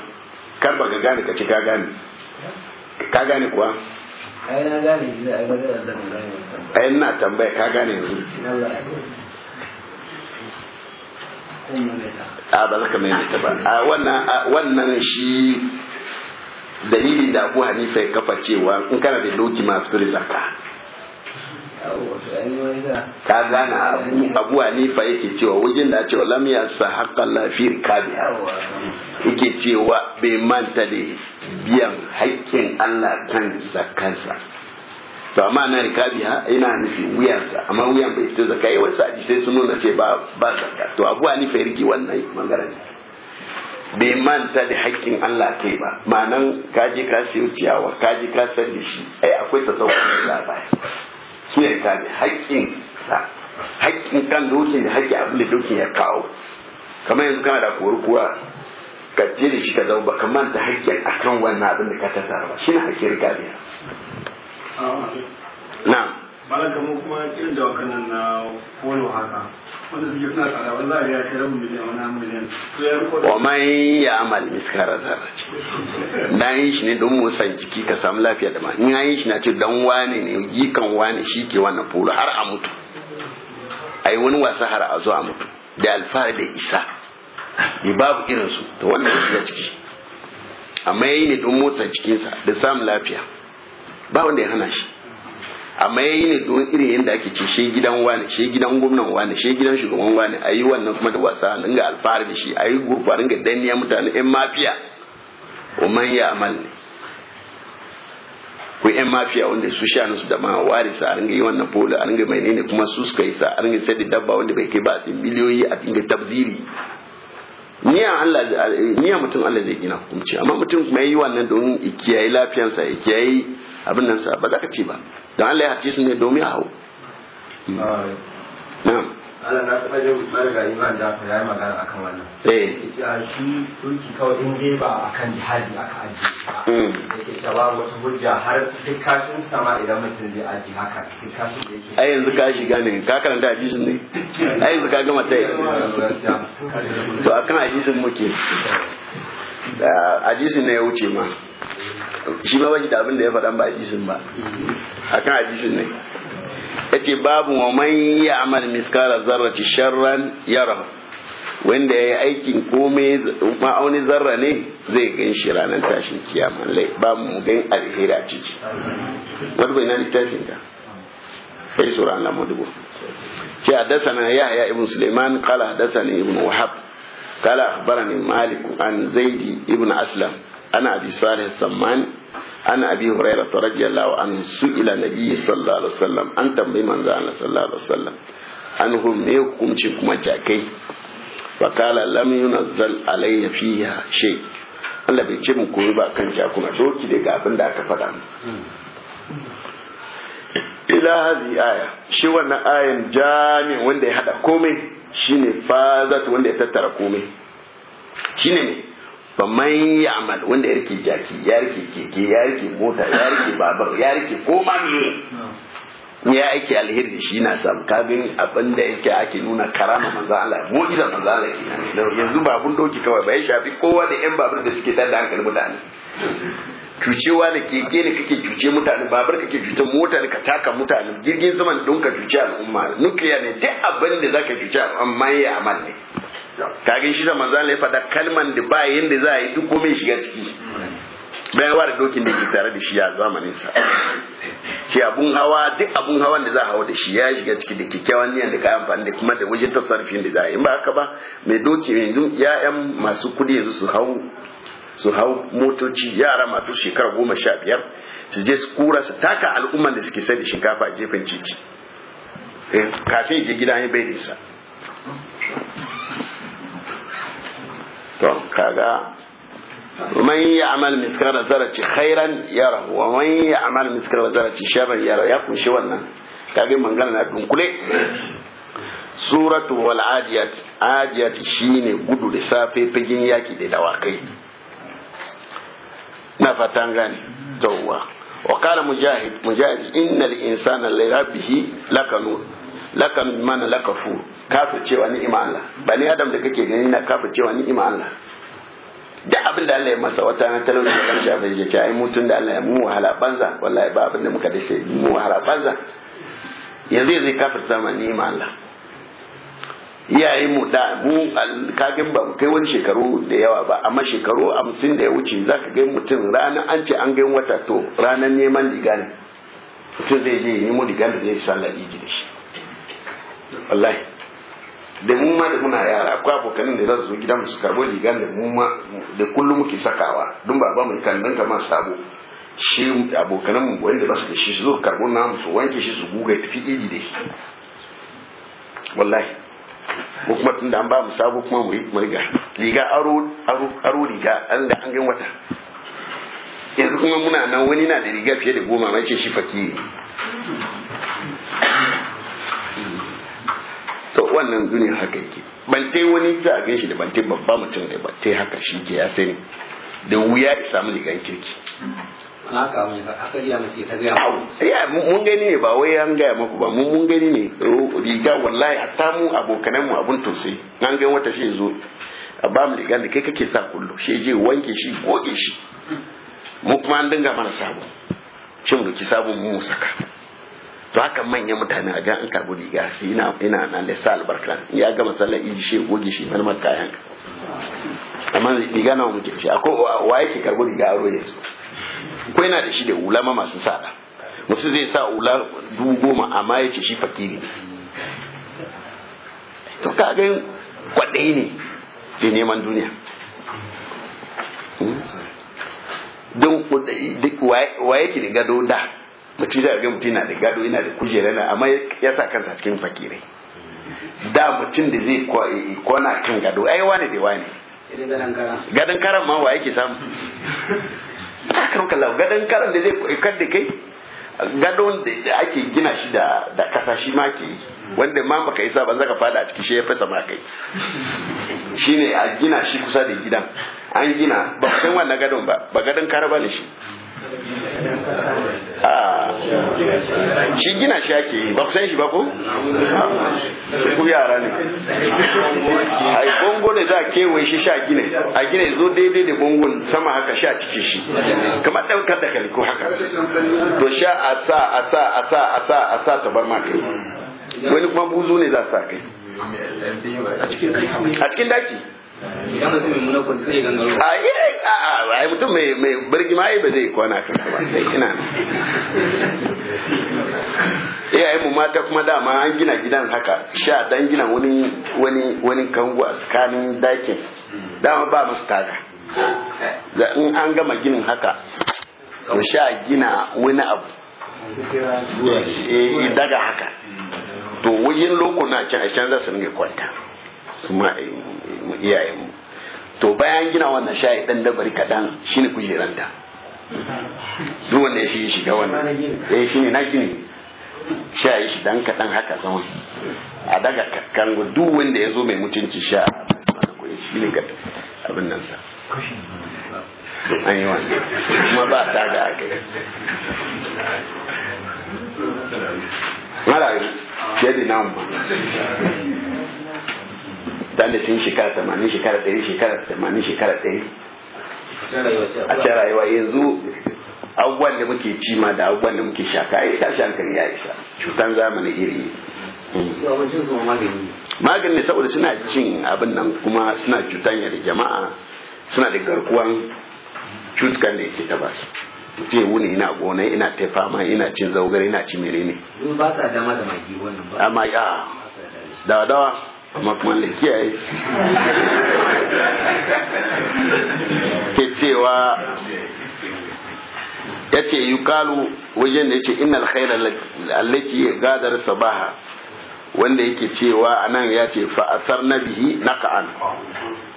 kar ba ka gane ka ci ka gane ka gane kuwa a yi na tambaya ka gane yanzu a ba za ka maimaita ba a wannan shi dalilin da abu hanifa ya kafa cewa in kana da loki masu fitar zaka ka gana abu hanifa yake cewa wajen da cewa lam ya sa haƙƙan lafiyar kabi yake cewa bai manta da biyan haƙƙin allah kan zakansa to amma na rikabi ha ina nufi wuyansa amma wuyan bai fito zaka yi eh, wasu aji sai sun nuna ce ba ba zaka to abu hanifa ya rike wannan bangaren bai manta da haƙƙin Allah kai ba ma'anan kaji ka siyo ciyawa kaji ka san da shi ai eh, akwai tasawuf da baya kiyaye ta ne haƙƙin haƙƙin kan dokin da haƙƙi abin da dokin ya kawo kamar yanzu kana da kori kuwa ka ce da shi ka ba ka manta haƙƙin akan wannan abin da ka tattara ba shi na haƙƙin ka na malar da mu kuma irin da wakan na polo haka wanda suke suna tsada wanda za a biya kai rabin miliyan wani miliyan wa mai ya amal miskara zara na yi shi ne don musan jiki ka samu lafiya da ma in an yi shi na ce don wani ne gikan wani shi ke wannan polo har a mutu a yi wani wasa har a zo a mutu da alfahari da isa ne babu irinsu da wannan shiga ciki amma ya yi ne don motsa cikinsa da samun lafiya ba wanda ya hana shi amma yayi ne don irin yadda ake ce shi gidan wani shi gidan gwamnan wani shi gidan shugaban wani ayi wannan kuma da wasa dinga alfahari da shi ayi gurfa ga danniya mutane yan mafiya wa ya amal ko yan mafiya wanda su sha su da ma warisa a ringa yi wannan bola a ringa mai ne kuma su suka yi sa a ringa sai da dabba wanda bai kai ba a miliyoyi a dinga tabziri niya Allah niya mutum Allah zai gina hukunci amma mutum kuma yi wannan don ikiyayi lafiyarsa ikiyayi abin nan sa ba za ka ce ba don Allah ya hace su ne domin a hau Allah na iman da ta yi magana akan wannan. Eh. Ya shi turki kawai in dai ba akan jihadi aka ajiye mm. Yake ta ba wata hujja har yanzu ka shiga ne ka karanta hadisin ne. Ai yanzu ka gama ta To akan hadisin muke. ne ya wuce ma. shi ma bashi da abin da ya faɗan ba hadisin ba akan hadisin ne yace babu wa man amal miskara zarrati sharran yara wanda yayi aikin komai ma'auni zarra ne zai gan shi ranar tashin kiyama lai ba mu gan alheri ciki wanda bai na littafin ka kai sura na mudubu ce ya ya ibn sulaiman qala hadasani ibn wahab قال akhbarani malik an zaidi ابن Aslam? ana abi salih sammani ana abi huraira radiyallahu anhu su ila nabiyyi sallallahu alaihi wasallam an tambayi manzo Allah sallallahu alaihi wasallam an humme hukunci kuma jakai Bakala kala lam yunazzal alayya fiha shay Allah bai ce mu koyi ba kan jakuna doki daga abin da aka faɗa ila hazi aya shi wannan ayan jami wanda ya hada komai Shi ne fazat wanda ya tattara komai shi ne ne faman ya amal wanda yarki jaki ya rike keke ya rike mota ya rike babar ya rike koma ne ya aiki alheri shi na samu ka gani abin da yake ake nuna karama manzan Allah mu'jiza manzan Allah kenan yanzu babun doki kawai bai shafi kowa da yan babur da suke tada hankali mutane cucewa da keke ne kake cuce mutane babar kake cuce mota ne ka taka mutane jirgin saman don ka cuce al'umma nukiliya ne duk abin da zaka cuce amma ya amal ne kage shi zaman zan ya fada kalman da ba yanda za a yi duk komai shiga ciki bayan wa da dokin da ke tare da shi a zamanin sa ce abun hawa duk abun hawan da za a hawa da shi ya shiga ciki da kyakkyawan niyan da ka amfani da kuma da wajen tasarrufin da za a yi ba haka ba mai doki mai ya'yan masu kudi yanzu su hau su hau motoci yara masu shekara goma sha biyar su je su kura su taka al'umman da suke sai da shinkafa a gefen cici eh, kafin je gida ya bai nisa to kaga man ya'mal miskala zarati khairan yara wa man ya'mal miskala zarati sharran yara ya kunshi wannan kaga mangana na dunkule suratu wal adiyat adiyat shine gudu da safe fagen yaki da dawakai na fatan gane tawwa wa qala mujahid mujahid innal insana li rabbihi lakanun laka mana laka fu kafir cewa ni'ima Allah ba ni adam da kake gani na kafir cewa ni'ima Allah da abin da Allah ya masa wata na talauci da shi abin ya ce ai mutun da Allah ya mu wahala banza wallahi ba abin da muka dace mu wahala banza yanzu zai kafir sama ni'ima Allah iyayen mu da mu kagin ba kai wani shekaru da yawa ba amma shekaru hamsin da ya wuce za ka gani mutum ranar an ce an gani wata to ranar neman diga ne mutum zai je nemo diga da zai sallar iji da shi wallahi da mu ma da muna yara akwai abokanin da za su zo gidan su karbo ligan da mu ma da kullum muke sakawa don ba ba mai kandan ma sabo shi abokanan mu wanda ba su da shi su zo karbo namu su wanke shi su guga tafi iji da shi wallahi ko kuma tun da an ba mu sabo kuma mu yi riga riga aro aro aro riga an da an gan wata yanzu kuma muna nan wani na da riga fiye da goma mai ce shi fakiri duk wannan duniya haka yake wani za a gan shi da bante babba mutum da bante haka shi ke ya sani da wuya isa mu ligan kirki ya mun gani ne ba wai an gaya maku ba mun gani ne riga wallahi hatta mu abokanan mu abun tausayi an gan wata shi zo a ba mu da kai kake sa kullu shi je wanke shi goge shi mu kuma an dinga mana sabo cin buki sabon mu saka to haka manyan mutane a ga an karbi riga shi ina ina nan lissa albarka ya gama sallar in shi goge shi malmar kayan amma riga nawa muke ce akwai wa yake karbi riga aro ne ko yana da shi da ulama masu sada mutum zai sa ula dubu goma amma ya ce shi fakiri to to kaga kwaɗayi ne ke neman duniya hmm? don waye ke da gado da mutum da ga mutum yana da gado yana da kujera na amma ya sa kansa cikin fakirai da mutum da zai kona kan gado ai wane da wane gadon karan ma wa yake samu ta karnuka lau gadon karan da zai da kai gadon da ake gina shi da kasa shi ma ke yi wanda ma baka isa ban zaka fada a ciki shi ya fasa ma kai [laughs] shine a gina shi kusa da gidan an gina ba san wannan gadon ba ba gadon kara ba ne shi Ah. shi gina shi ake ba ku san shi ba ko? ku yara ne a yi bongo ne za a kewaye shi sha gine a gine zo daidai da bongon sama haka sha cikin shi kamar ɗaukar da kaliko haka to sha a sa a sa a sa a sa a sa ta bar ma kai wani kuma buzu ne za a sa kai a cikin daki idan mutum mai muna kwanci zai gangaro a eh, eh, a mutum mai birgima ma ba zai kwana kan ba sai ina iyayen mu mata kuma dama an gina gidan haka sha dan gina wani wani wani kango a tsakanin dakin dama ba musu taga in an gama ginin haka to sha gina wani abu eh, daga haka to wajen lokuna can a can za su ringa kwanta su ma mu. to bayan gina wannan shayi dan dabari kadan shine kujeran da duk wanda ya shi shiga wannan eh shine na gini shayi shi dan kadan haka sama a daga kango duk wanda ya zo mai mutunci sha shine ga abin nan sa an yi wannan kuma ba ta da aka mara yadda na ba. dan da sun shekara 80 shekara 100 shekara 80 shekara 100 a ce rayuwa yanzu abubuwan da muke cima da abubuwan da muke shaka ai tashi hankali ya isa cutan zamani iri magani ne saboda suna cin abin nan kuma suna cutanya da jama'a suna da garkuwan cutukan da yake ta basu je wuni ina gona ina ta fama ina cin zaugar ina ci menene ba sa dama da magi wannan ba amma ya dawa dawa amma kuma da kiyaye ke cewa ya ce yi kalu wajen da ya ce innal khairar allaki gadar sabaha wanda yake cewa anan ya ce fa'asar na bihi na ka'an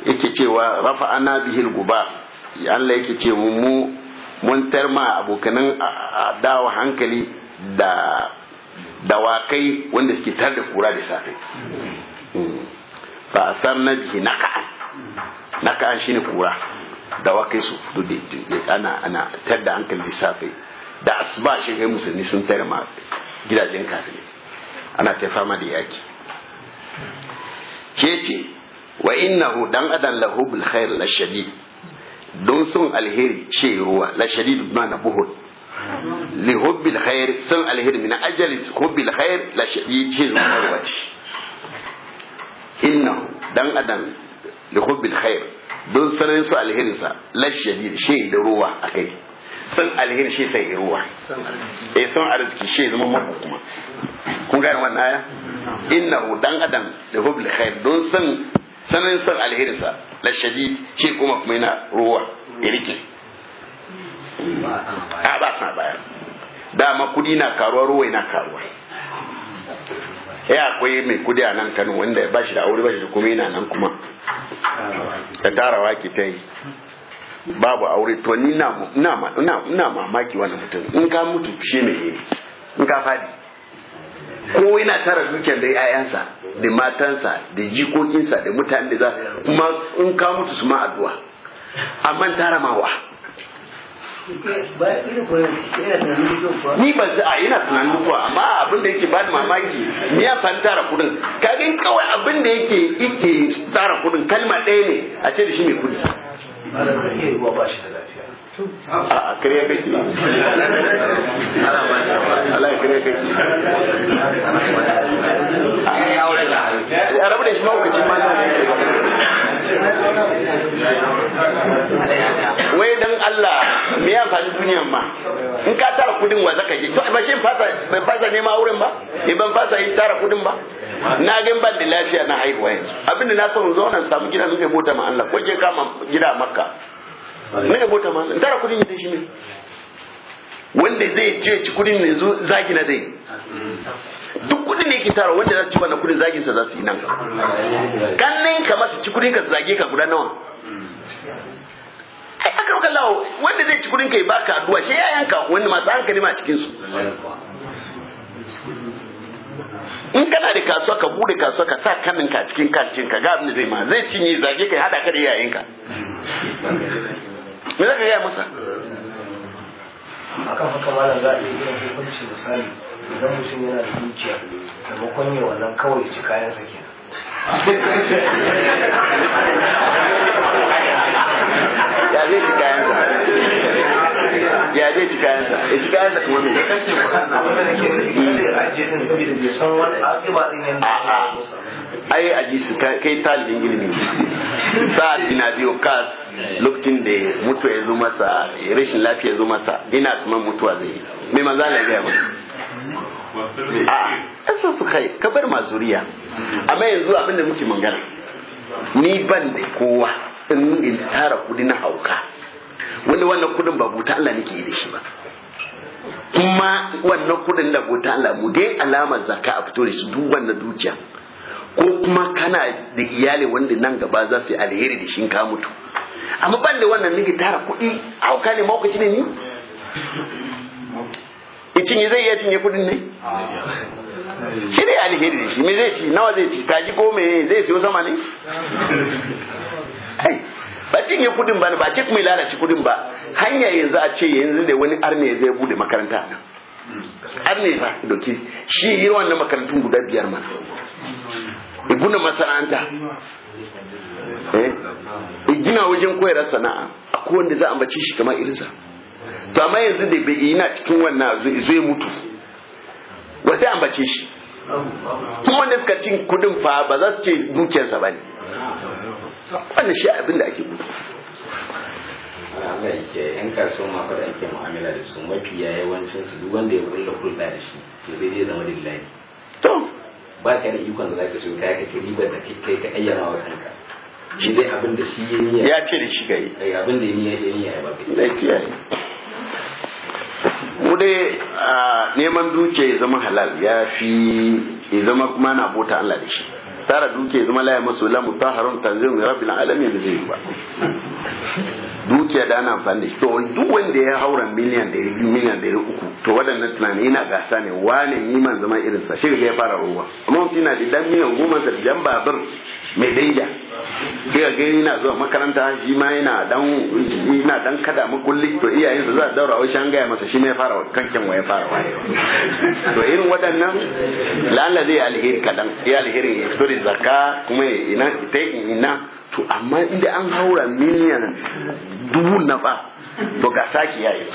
yake cewa rafa ana bihi guba Allah yake ce mu mun tarma abokanan dawa hankali da dawakai wanda suke tar da kura da safe Ba a san na na ka'an. Na ka'an shi ne kura da wakai su fito da ana ana tar da hankali safe. da asuba shi kai musulmi sun tare ma gidajen kafin. ana ta fama da yaki ke ce wa innahu dan adam lahu bil khair la shadid don sun alheri ce ruwa la shadid ma na buhud li hubbil khair sun alheri min ajali hubbil khair la shadid ce ruwa ce inna dan adam li hubbil khair don sanin su alherinsa lashadi shi da ruwa a kai san alheri shi sai ruwa eh san arziki shi zama mako kuma kun ga wannan aya Inna dan adam li hubbil khair don san sanin san alherinsa lashadi shi kuma kuma yana ruwa irike a ba sa baya dama kudi na karuwa ruwa yana karuwa ya eh, akwai mai kudi a nan kano wanda ba shi da aure ba shi da kuma yana nan kuma ta tara waki ta yi babu aure to ni na mamaki wani mutum in ka mutu shi mai yi in ka fadi ko yana tara dukiyar da yayansa da matansa da jikokinsa da mutane da za kuma in ka mutu su ma addu'a amma tara mawa ni ba za a ina tunanin kuwa amma abin da yake ba da mamaki ni ya san tara kudin kawai abin da yake yake tara kudin kalma ɗaya ne a ce da shi mai kudi malam da ruwa ba shi da lafiya a kare kake ana ba shi Allah ya kare aure da rabu Allah me ya faru duniyan ma in ka tara kudin wa zaka je to ba shi fasa auren ba eh, ban fasa yi tara kudin ba na ga ban da lafiya na haihuwa yanzu abinda na zo samu gida muke mota ma Allah ko kama ma makka mene bota ma tara kudin ne shi ne wanda zai ce ci kudin ne zo zagi na dai duk kudin ne ke tara wanda za ci wannan kudin zagin sa za su yi nan kannin ka masu ci kudin ka zage ka guda nawa ai aka ruka lawo wanda zai ci kudin ka ya baka addu'a shi yayanka wanda masu hankali ma cikin su in kana da kasuwa ka bude kasuwa ka sa kanin ka cikin kacin ka ga abin zai ma zai cinye zage kai hada ka da yayin ka me zaka yi masa akan haka malam za a yi irin hukunci misali idan mutum yana da dukiya makon ya wannan kawai ci kayan sa kenan ya zai ci kayan sa ya zai ci kayansa ya ci kayansa kuma ne kashe abin da nake da aje din sabida bai san wani akiba din ne ai aji su kai talibin ilimi sa'ad bin abi ukas lokacin da mutu ya zo masa rashin lafiya zo masa ina suman mutuwa zai yi mai manzo Allah ya gaya masa a sun su kai kabar bar mazuriya amma yanzu abin da muke magana ni ban da kowa in tara kudi na hauka wani wannan kudin ba buta Allah nake yi da shi ba kuma wannan kudin da buta Allah mu dai alamar zakka a fito da shi duk wannan dukiya ko kuma kana da iyali wanda nan gaba za su yi alheri da shi ka mutu amma ban da wannan nake tara kuɗi auka ne maukaci ne ni cinye zai iya cinye kudin ne shi ne alheri da shi me zai ci nawa zai ci taji ko me zai siyo sama ne ba cinye kudin ba ba ce kuma lalace kudin ba hanya yanzu a ce yanzu da wani arne zai bude makaranta arne ba doki shi yi wannan makarantun guda biyar ma ibuna masana'anta eh igina wajen koyar sana'a akwai wanda za a ambace shi kamar irinsa to amma yanzu da bai yi na cikin wannan zai mutu wata ambace shi kuma wanda suka cin kudin fa ba za su ce dukiyarsa ba ne wannan shi abin da ake gudu Allah yake yan kasuwa ma fa da ake mu'amala da su mafiya yawancin su duk wanda ya kulla hulɗa da shi to sai dai zama lillahi to ba ka da ikon da zaka so kaya ka ci ba da kai ka ayyana wa kanka shi dai abin da shi ya niyya ya ce da shi kai eh abin da ya niyya ya niyya ya ba kai da kiyaye mu dai ah, neman dukiya ya zama halal ya fi ya zama kuma na bota Allah da shi tara dukiya zama la masu la mutahharun tanzim min rabbil alamin da zai ba dukiya da ana amfani da shi to duk wanda ya haura miliyan da ya miliyan da ya uku to waɗannan tunani ina gasa ne wane ni man zama irin sa shi ya fara ruwa amma mutum yana da dan miliyan goma sa dan babur mai danja sai ga gani na zuwa makaranta shi ma yana dan yana dan kada makulli to iyayen su za a daura wai shanga ya masa shi mai fara kankin waye fara waye to irin waɗannan lalla zai alheri kadan ya alherin ya fito da zakka kuma ina ita ina to amma inda an haura miliyan dubu na fa to ga saki yayi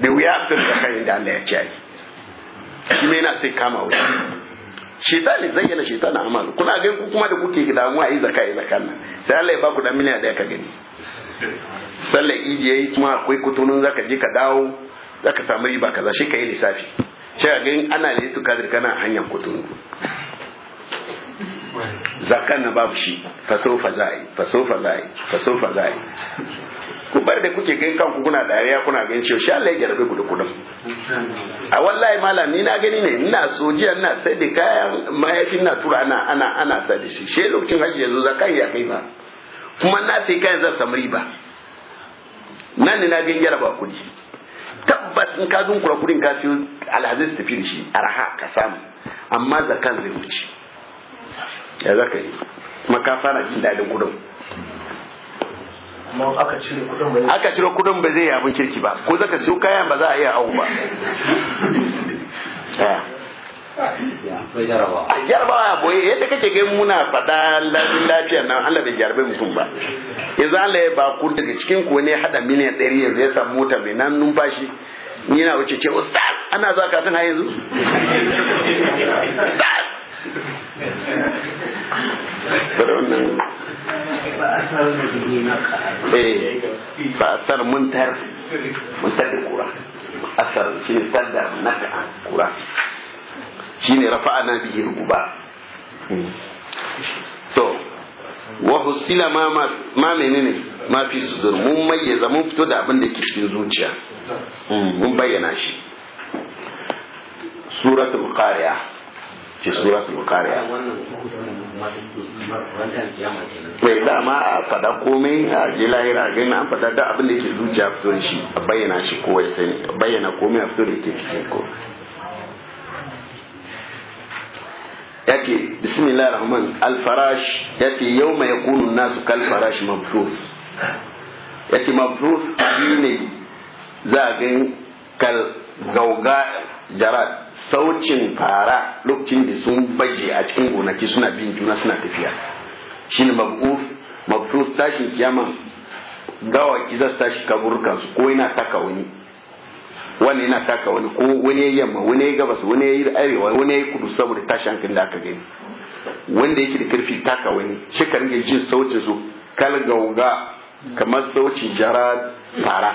da wuya fitar da kai da Allah ya ce shi mai na sai kama wuya shaitani zayyana shaitani amalu kuna ga ku kuma da kuke mu ayi zaka ayi zakan nan sai Allah ya ba ku da miliyan daya ka gani sallar iji yayi kuma akwai kutunun zaka je ka dawo zaka samu riba kaza shi kai lissafi sai ga ana da su kadir kana hanyar kutunu zakan na babu shi fasofa za'i fasofa za'i fasofa za'i ku bar da kuke gan kanku kuna dariya kuna gan shi sha Allah ya jarabe ku da kudin a wallahi malam ni na gani ne ina so jiya ina sai da kayan mayafi na tura ana ana ana sa da shi shi lokacin hajji yanzu zakan ya kai ba kuma na sai kayan zan samu riba nan ne na gan jaraba kudi tabbas in ka kura kudin ka siyo alhazis tafi da shi arha ka samu amma zakan zai wuce ya zaka yi makafa na jin dadin kudin aka cire kudin ba ba zai yi abin kirki ba ko zaka siyo kayan ba za a iya awu ba [laughs] eh. ah, a jarabawa ya boye yadda kake gai muna fada lafiyar lafiyar nan Allah bai jarabe mutum ba yanzu Allah ya ba daga cikin kone ne hada miliyan ɗari yanzu ya samu mota mai nan numfashi ni na wuce ce ustaz ana zuwa kafin ha yanzu [laughs] ustaz Eh, ba asar muntar muntar da kura asar shi ne tadda na kura shi ne rafa'a na bihi ruba to wa husila ma ma ne ma fi sudur mun mayyaza mun fito da abin da ke cikin zuciya hmm, mun bayyana shi suratul qari'ah fi suratul bukari bai dama a fada komai a ji lahira a gani an fada da abin da yake zuciya fito da shi a bayyana shi kowai sani a bayyana komai a fito da ke cikin ko ya ce bismillah rahman alfarash ya ce yau mai kunu nasu kalfarash mabsuf ya ce mabsuf shi ne za a gani kal gauga jara saucin fara lokacin da sun baje a cikin gonaki suna bin juna suna tafiya shine mab'uf mabsus tashin kiyama gawaki za su tashi kaburkan su ko yana taka wani wani yana taka wani ko wani ya yamma wani ya gabas wani ya yi arewa wani ya yi kudu saboda tashin hankalin da aka gani wanda yake da karfi taka wani shi ka ringa jin saucin su kal gauga kamar saucin jara fara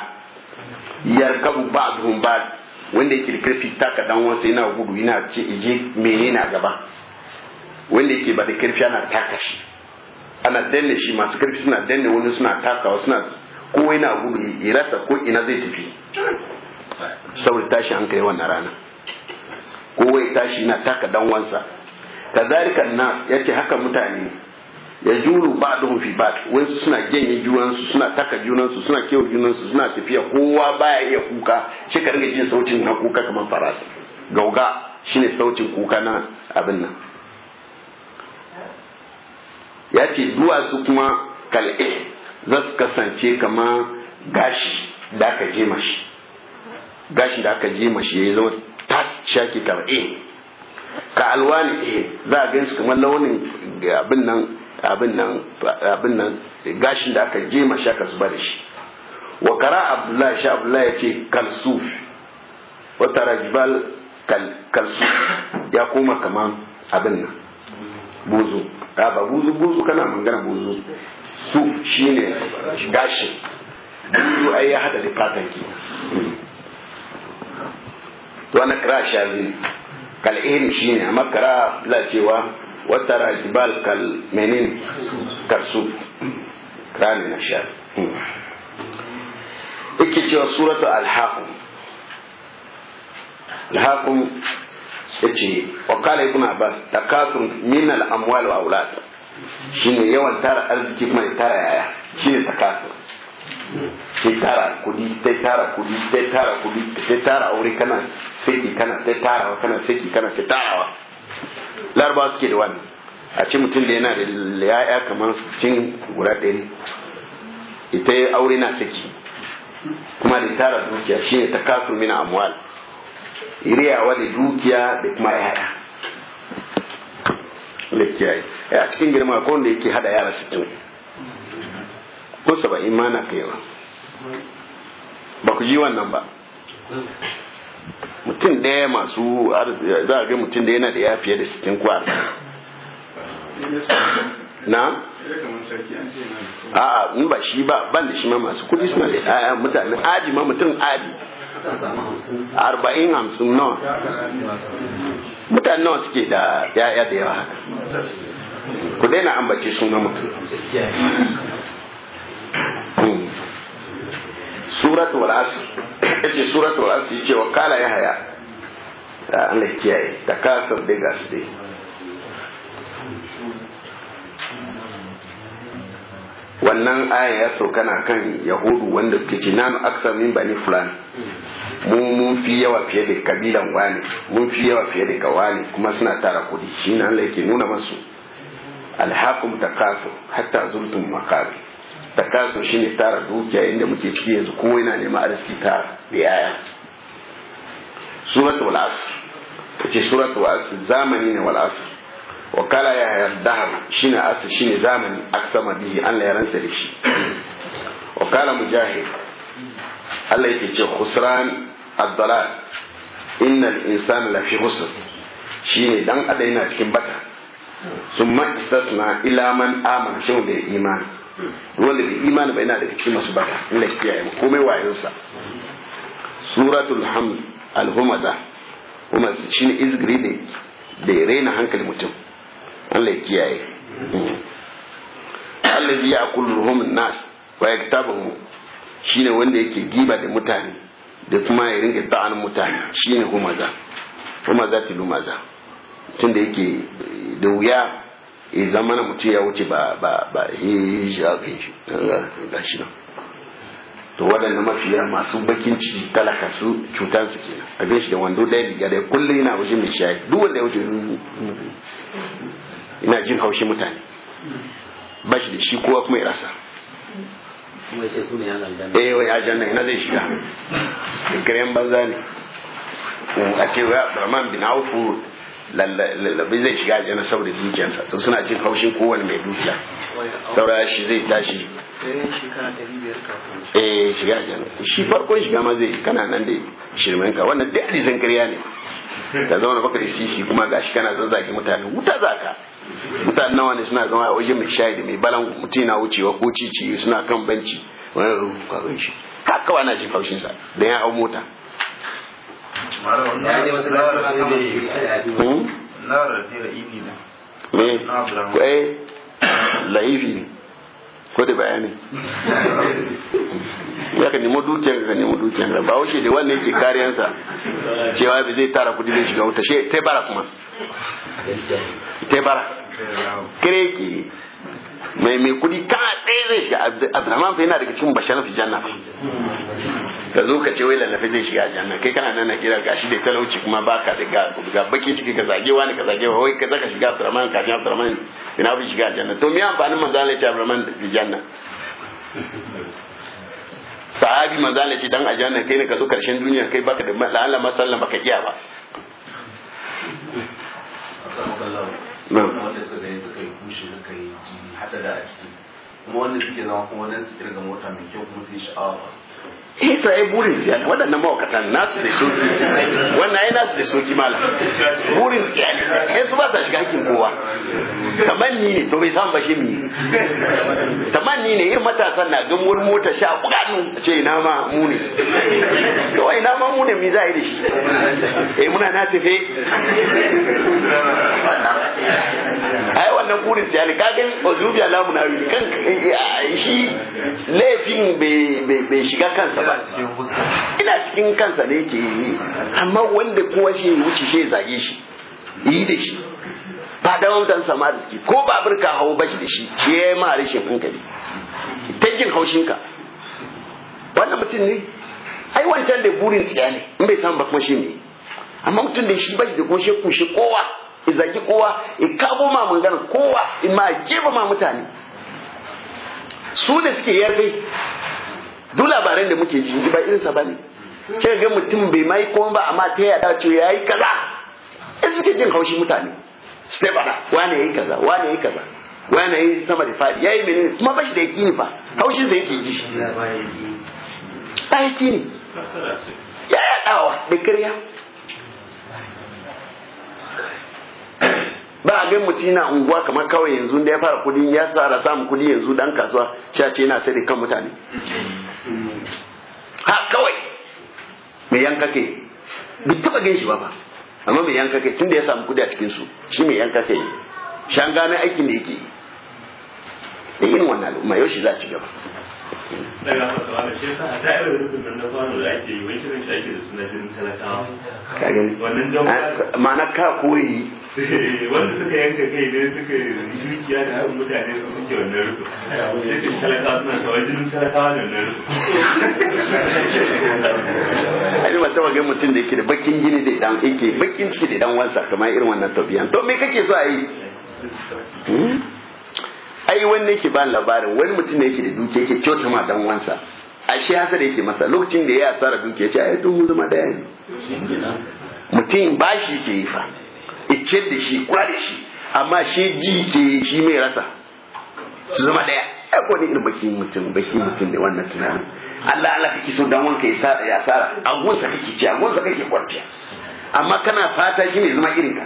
yarkabu ba'dhum ba'd wanda yake karfi taka dan wasa yana gudu yana ce ije mene na gaba wanda yake ba da karfi ana taka shi ana danne shi masu karfi suna danne wani suna wasu suna ko yana gudu ya rasa ko ina zai tafi saboda tashi an kai wannan rana ko wai tashi yana taka dan wansa kazalika nas yace haka mutane ya juru ba don fi ba wai suna janye junansu suna taka junansu suna kewa junansu suna tafiya kowa baya iya kuka shi ka rage jin saucin na kuka kamar farat gauga shine saucin kuka na abin nan ya ce duwatsu kuma kal'e za su kasance kamar gashi da aka je mashi gashi da aka je mashi ya zama tas shaki kal'e ka alwani eh, za a gan su kamar launin abin nan abin nan abin nan gashin da aka je mashi aka zubar da shi wa kara abdullahi sha abdullahi ya ce kalsuf wa tarajbal kalsuf ya koma kaman abin nan buzu ta ah, ba buzu buzu kana magana buzu suf shine gashin buzu ai ya hada da fatan ki to ana kara shi kal irin shine amma kara la cewa وترى الجبال كالمنين كرسوب راني نشاز اكتشف سورة الحاكم الحاكم yace wa amwal wa yawan tara arziki kuma tara kudi kudi kudi aure kana kana kana kana larba suke da wani a ce mutum da yana da ya'ya kamar cin guda ɗari ita yi aure na saki kuma da tara dukiya shi ne ta kasu mina amwal iriyawa da dukiya da kuma ya'ya da kiyaye eh, a cikin girma ko da yake hada yara sittin ko saba'in Imana kaiwa ba ku ji wannan ba mutum ɗaya masu za a ga mutum da yana da ya fiye da sitin ko na a'a in ba shi ba ban da shi ma masu kudi suna da yaya mutane aji ma mutum aji arba'in hamsin nawa mutane nawa suke da yaya da yawa haka ku daina ambace suna mutum hmm. suratu wal asr yace suratu wal asr yace wa kala yahya da Allah kiyaye da kafir da gaske wannan aya ya sauka na kan yahudu wanda ke ce nanu aksa min bani fulani mu mun fi yawa fiye da kabilan wani mun fi yawa fiye da kawani kuma suna tara kudi shi na Allah yake nuna masu alhaqum takasu hatta zultum maqabir shi ne tara dukiya inda muke ciki yanzu ko yana neman arziki ta da yaya suratul asr kace suratul asr zamani ne wal asr wa kala ya ne shine asr ne zamani aksama bihi Allah ya ransa da shi wa kala mujahid Allah yake ce khusran ad-dalal innal insana lafi Shi shine dan adaina yana cikin bata summa istasna ila man amana shi da imani wanda bai imani bai na daga cikin masu baka inda kiyaye komai wayansa suratul hamd al-humaza shi shine izgiri ne da ya raina hankali mutum Allah ya kiyaye hmm. ya kullu ruhum nas wa shi shine wanda yake giba da mutane da kuma ya ringa ta'an mutane shine humaza humaza tilumaza tunda yake da wuya idan mana na mutum ya wuce ba ba ba shi ga shi nan to waɗanda mafiya masu bakin ciki talaka su cutar su ke abin shi da wando ɗaya riga da kullum yana wajen mai shayi duk wanda ya wuce ina jin haushi mutane ba shi da shi kowa kuma ya rasa eh wai aljanna ina zai shiga kiran banza ne a ce wa Abdurrahman bin Auf lallabi zai shiga aljanna saboda dukiyarsa to suna cin haushin kowane mai dukiya saura shi zai tashi eh shiga aljanna shi farkon shiga ma zai kana nan da shirmen ka wannan duk hadisin kariya ne da zauna baka da shi kuma gashi kana zazzage mutane wuta zaka mutane nawa ne suna zama a waje mai shayi da mai balan mutum na wucewa ko cici suna kan banci wani rubuka shi haka wana shi kaushin da ya hau mota eh laifi ne ko da bayani [laughs] ya ka nemo dukiyar ka nemo dukiyar ka ba wuce da wannan yake kariyansa cewa bai zai tara kudi zai shiga wuta shi ta bara kuma ta bara kireki mai mai kudi ka ɗaya zai shiga abdurrahman fa yana daga cikin bashar fi janna ka zo ka ce wai lallafe zai shiga janna kai kana nan na kira shi da talauci kuma ka da ga bakin ciki ka zage wani ka zage wai ka zaka shiga abdurrahman ka shiga abdurrahman ina fi shiga janna to me amfanin manzo Allah ya ce abdurrahman fi janna sahabi manzo Allah ya ce dan aljanna kai ne ka zo karshen duniya kai baka da la'alla masallan baka iya ba Na'am. Wanda suka hasada a ciki kuma wannan suke zama kuma wajen su kirga mota mai kyau kuma su yi sha'awa ita to burin siya ne waɗannan mawakata nasu da soki wannan ya nasu da soki mala burin siya ne ai su ba ta shiga hakin kowa tamanni ne to bai samu ba shi mi tamanni ne irin matasan na gan wani mota sha a ce ina ma mu ne to ai ina ma mu ne mi za a yi da shi eh muna na tafe ai wannan burin siya ne kagan ozubiya lamuna kan eh, shi laifin bai shiga kansa ina cikin kansa da yake yi amma wanda kowa shi wuce shi zage shi yi da shi ba da wautan sama da suke ko ba ka hau bashi da shi shi ya yi ma rashin hankali ta jin haushinka wannan mutum ne ai wancan da burin tsiya ne in bai samu ba kuma shi ne amma mutum da shi bashi da kuma shi kushe kowa ya zagi kowa ya kago ma magana kowa in ma jeba ma mutane su da suke yarda duk labaran da muke ji ba irinsa ba ne sai ga mutum bai mai koma ba amma ta yada ce ya yi kaza in suke jin haushi mutane sai ta bada wane ya yi kaza wane ya yi kaza wane ya yi sama da fadi ya mene kuma ba shi da yakini ba haushin sa yake ji ba ne ya yadawa da kirya ba ganin mutum yana unguwa kamar kawai yanzu da ya fara kudi ya tsara samun kudi yanzu dan kasuwa cewa ce yana sai kan mutane ha kawai mai yanka ke bai taba gan shi ba ba amma mai yanka ke da ya samu kudi a cikin su shi mai yanka ke shan gane aikin da yake da irin wannan al'umma yau shi za a ci gaba daga fatawa na ma'ana ka koyi wanda suka yanka kai ne suka da haɗin mutane su suke wannan suna kawai jinin ne wannan ai mutum da yake da bakin gini da dan yake bakin ciki da dan wansa kamar irin wannan tafiyan to me kake so a yi hmm? ai wanne yake ba labarin wani mutum ne yake da duke yake kyauta ma dan wansa ashe hasa da yake masa lokacin da ya asara duke ce ai duhu zama da ne mutum ba shi ke yi fa ice da shi kula da shi amma shi ji ke shi mai rasa su zama daya ai ko ne irin baki mutum baki mutum da wannan tunanin Allah Allah kake so dan wanka ya sara ya sara gonsa kake ci gonsa kake kwarciya amma kana fata shi ne zama irin ka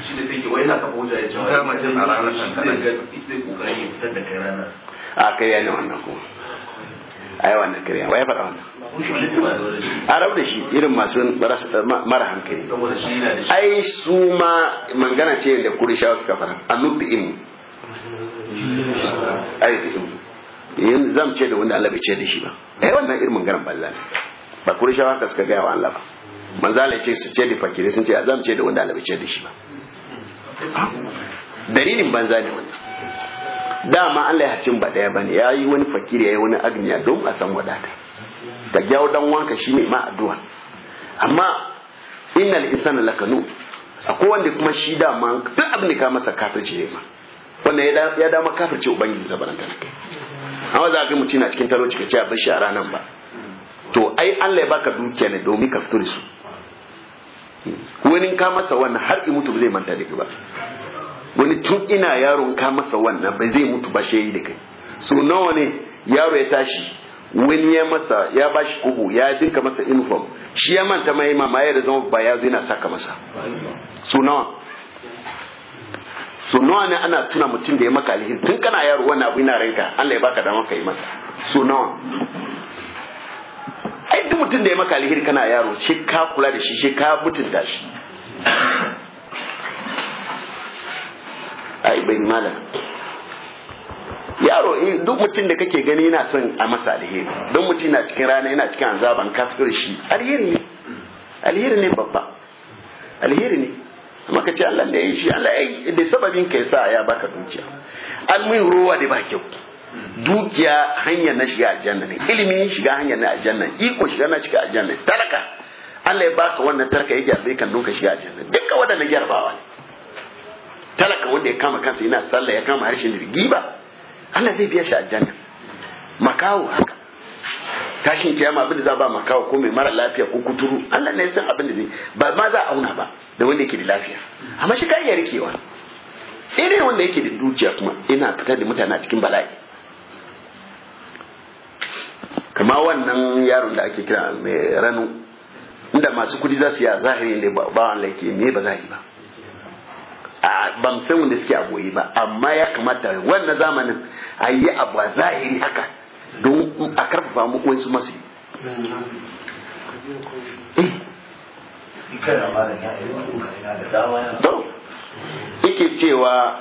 shi wai ya ya fitar da kai a kariya ai wannan kariya wai shi irin masu mara hankali ai su da kurishawa suka fara a nufi imu ai da imu zam ce da wanda Allah bai ce da shi ba ai wannan irin ba kurishawa ka suka gaya wa Allah ba manzala ce su ce da fakiri sun ce zam ce da wanda Allah bai ce da shi ba dalilin banza ne wani dama Allah ya hacin ba daya bane ya yi wani fakiri ya yi wani agniya don a san wadata ka jawo dan wanka ne ma addu'a amma innal insana lakanu akwai wanda kuma shi dama duk abin da ka masa kafirce ne ma wanda ya dama kafirce ubangiji sa baranta na kai amma za ga mutum na cikin talo cikakke a bashi a ranar ba to ai Allah ya baka dukiya ne domin ka fito da su wani ka masa wannan har in mutu zai manta da ba wani tun ina yaron ka masa wannan ba zai mutu ba shi da kai so nawa ne yaro ya tashi wani ya masa ya bashi kubu ya dinka masa uniform shi ya manta mai mama ya da zama ba ya zo yana saka masa so nawa so nawa ne ana tuna mutum da ya maka alheri tun kana yaro wannan abu yana ranka Allah ya baka dama ka yi masa so nawa ai duk mutum da ya maka alheri kana yaro shi ka kula da shi shi ka mutunta shi ai bai malam yaro eh, duk mutum da kake gani yana son a masa alheri don mutum na cikin rana yana cikin azaban kafir shi alheri ne alheri ne babba alheri ne amma ka ce Allah ne yi shi Allah da sababin ka yasa ya baka dukiya almuyin ruwa da ba kyau dukiya hanyar na shiga aljanna ne ilimi shiga hanyar na aljanna iko shiga na shiga aljanna talaka Allah ya baka wannan talaka ya gyarbe kan duka ka shiga aljanna dukkan wadannan gyarbawa ne talaka wanda ya kama kansa yana sallah ya kama harshen jirgi ba Allah zai biya shi aljanna makawo haka tashin kiyama abin da za ba makawo ko mai mara lafiya ko kuturu Allah ne san abin da zai ba ma za auna ba da wanda yake da lafiya amma shi ka yarkewa irin wanda yake da dukiya kuma ina fitar da mutane a cikin bala'i kama wannan yaron da ake kira mai ranu inda masu kudi za su yi a zahiri ne ba wani Allah Ne ba za yi ba a ban san wanda suke a goyi ba amma ya kamata wannan zamanin a yi abu a zahiri haka don a karfafa mu su masu eh. yi. cewa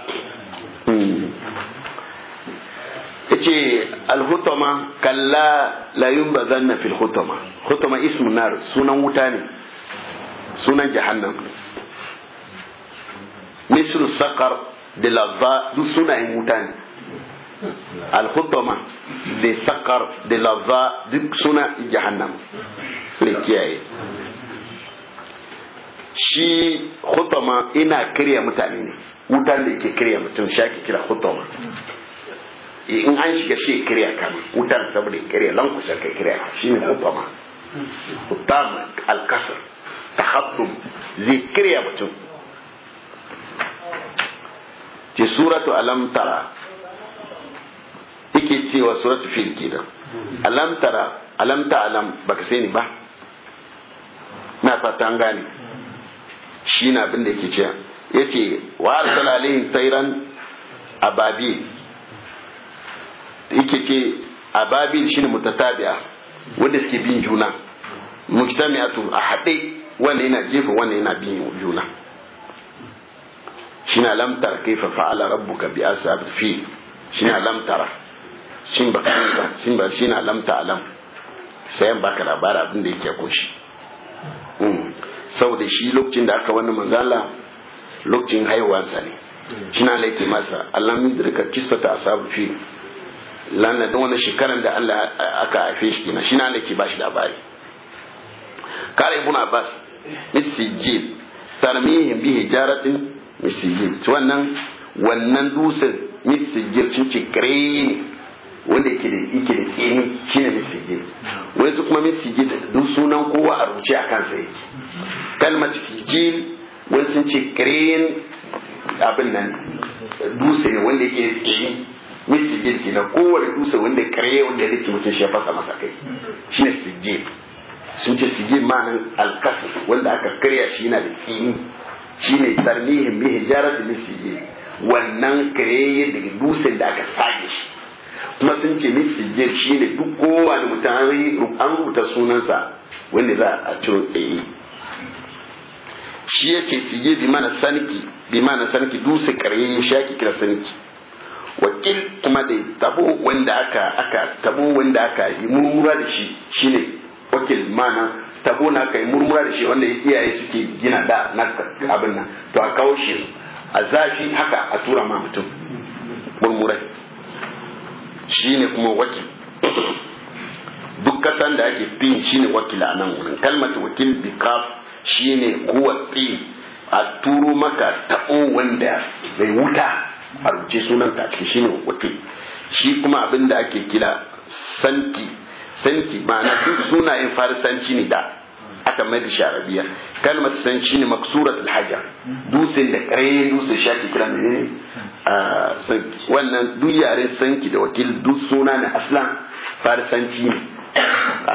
hmm, yace al-hutama kalla la yumbazanna fil hutama hutama ismu nar sunan wuta ne sunan jahannam misru sakar da lazza duk sunayen wuta ne al-hutama da saqar da lazza duk suna jahannan ne kiyaye shi hutama ina kirya mutane ne wutan da ke kirya mutum shaki kira hutama in an shiga shi kirya kama wutar saboda kirya lankusar ka kirya shi ne hutama hutama alkasar tahattum zai kirya mutum ce suratu alam tara yake cewa suratu fil kenan alam tara alam ta alam baka sani ba na fata an gane shi na abin da yake cewa yace wa arsala alaihim tayran ababil yake ce ababil shine mutatabi'a wanda suke bin juna mujtami'atu a haɗe wanda yana jefa wanda yana bin juna shine alamtara kaifa fa'ala rabbuka bi ashabil fi, shine alamtara shin ba shin ba shine alamta alam sayan baka labara abin da yake koshi hmm. saboda shi lokacin da aka wani manzala lokacin haihuwarsa ne shi na laifin masa alamun da rika kisa ta asabu fi lanna don wani shekaran da Allah aka haife shi kenan shi ne Allah ke bashi labari kare ibn Abbas misjid tarmihim bi hijaratin misijib wannan wannan dusar misjid sun ce kare ne wanda yake da yake da tsini shine misjid wai su kuma misjid duk sunan kowa a rubuce a kansa yake kalmar misjid wai sun ce kare abin nan dusar wanda yake tsini misjid kenan kowane dutse wanda kare wanda ya mutum shi ya fasa masa kai shi ne sijjid sun ce sijjid ma'anin alkasus wanda aka karya shi yana da tsini shi ne tarmihin bi hijarat min sijjid wannan kare daga dutsen da aka sage shi kuma sun ce min sijjid shi ne duk kowane mutum an rubuta sunansa wanda za a ciro tsaye shi yake sijjid bi mana sanki bi mana sanki dutse kare shi ake kira sanki wakil kuma da tabo wanda aka aka tabo wanda aka yi murmura da shi shine wakil mana tabo na kai murmura da shi wanda iyaye suke gina da na abin nan to a kawo shi a zafi haka a tura ma mutum murmurai shine kuma wakil duk kasan da ake tin shine wakil a nan wurin kalmar wakil bi kaf shine huwa tin a turo maka tabo wanda bai wuta a rubuce sunanka a ciki shine wakil shi kuma abin da ake kira santi santi ma'ana duk sunayen farisanci ne da aka mai da shi arabiya kalmar sanci ne maksurat alhajar dusin da kare dusin shi ake kira ne a ah, sanki wannan duk yaren sanki da wakil duk suna ne aslan farisanci ne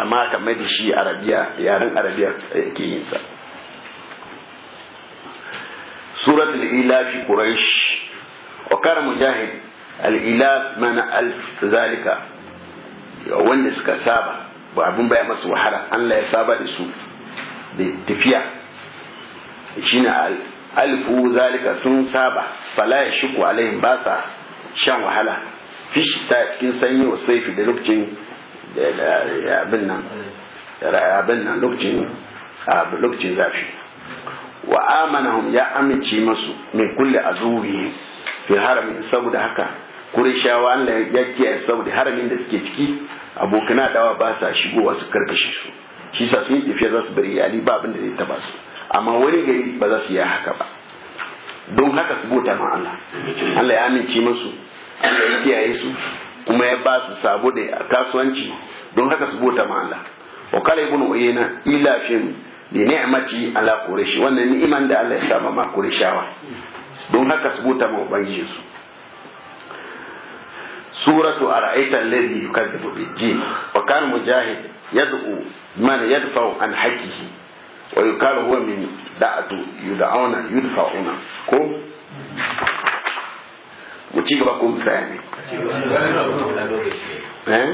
amma aka mai da shi arabiya yaren arabiya ke yin sa suratul ila fi quraish wakar mujahid al'ila mana alf zalika wanda suka saba ba abin baya masu wahala Allah ya saba da su da tafiya Shin alfu zalika sun saba fala ya shiku alaihim ba sa shan wahala fish ta cikin sanyi wa saifi da abin nan lokacin zafi wa amanahum ya amince masu mai min kulli azubi fi harami saboda haka kurishawa Allah ya kiyaye saboda haramin da suke ciki abokana dawa ba sa shigowa su karkashe su shi sa sun yi tafiya za su bari Ali ba abin da zai taba su amma wani gari ba za su yi haka ba don haka su bota ma Allah Allah ya amince musu Allah ya kiyaye su kuma ya ba su sabo da kasuwanci don haka su bota ma Allah wa kala ibn uyayna ila fin ni'mati ala quraish wannan ni'iman da Allah ya sama ma qurayshawa don haka su buta ma ubangiji su suratu ara'aita alladhi yukazzibu bijjin wa kan mujahid yad'u man yadfa'u an haqqihi wa yukalu huwa min da'atu yud'auna yudfa'una ko mu ci gaba ko musaya eh?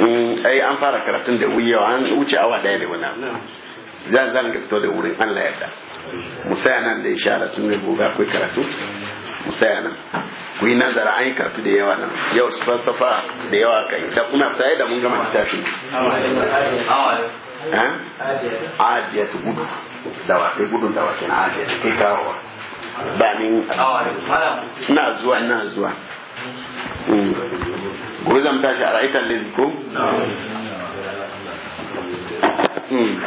mm, ai an fara karatun da wuyewa an wuce awa daya da wannan zan zan ga fito da wurin Allah ya da musaya nan da insha Allah tun gobe akwai karatu musaya nan ku yi nazara an yi karatu da yawa nan yau su falsafa da yawa kai da kuna fita da mun gama littafi ajiya ta gudu dawa kai gudun dawa kenan ajiya ta kai kawowa ba ni ina zuwa ina zuwa gobe zan tashi a ra'aikan lezi ko? Hmm.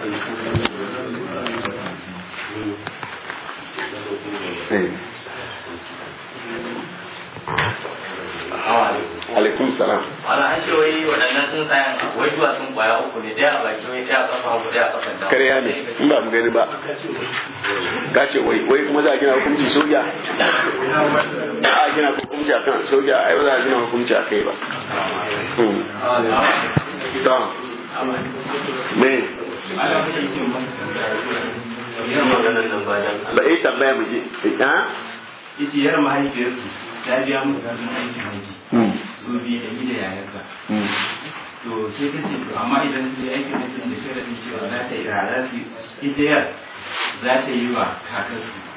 alaikun salam ana an ce wai waɗannan tsuntsayen wai duwa sun kwaya uku ne daya a baki wai daya a kafa hagu daya a kafa dama kariya ne in ba mu gani ba ka wai wai kuma za a gina hukunci soja a gina hukunci akan soja ai ba za a gina hukunci a kai ba to hmm. me ba eh tambaya mu je ha yace yar mahaifiyarsu ta biya musu kafin aikin haji su biyu da gida yayarka to sai ta ce to amma idan ta yi aikin haji da sharadin cewa za ta yi za ta yi wa kakansu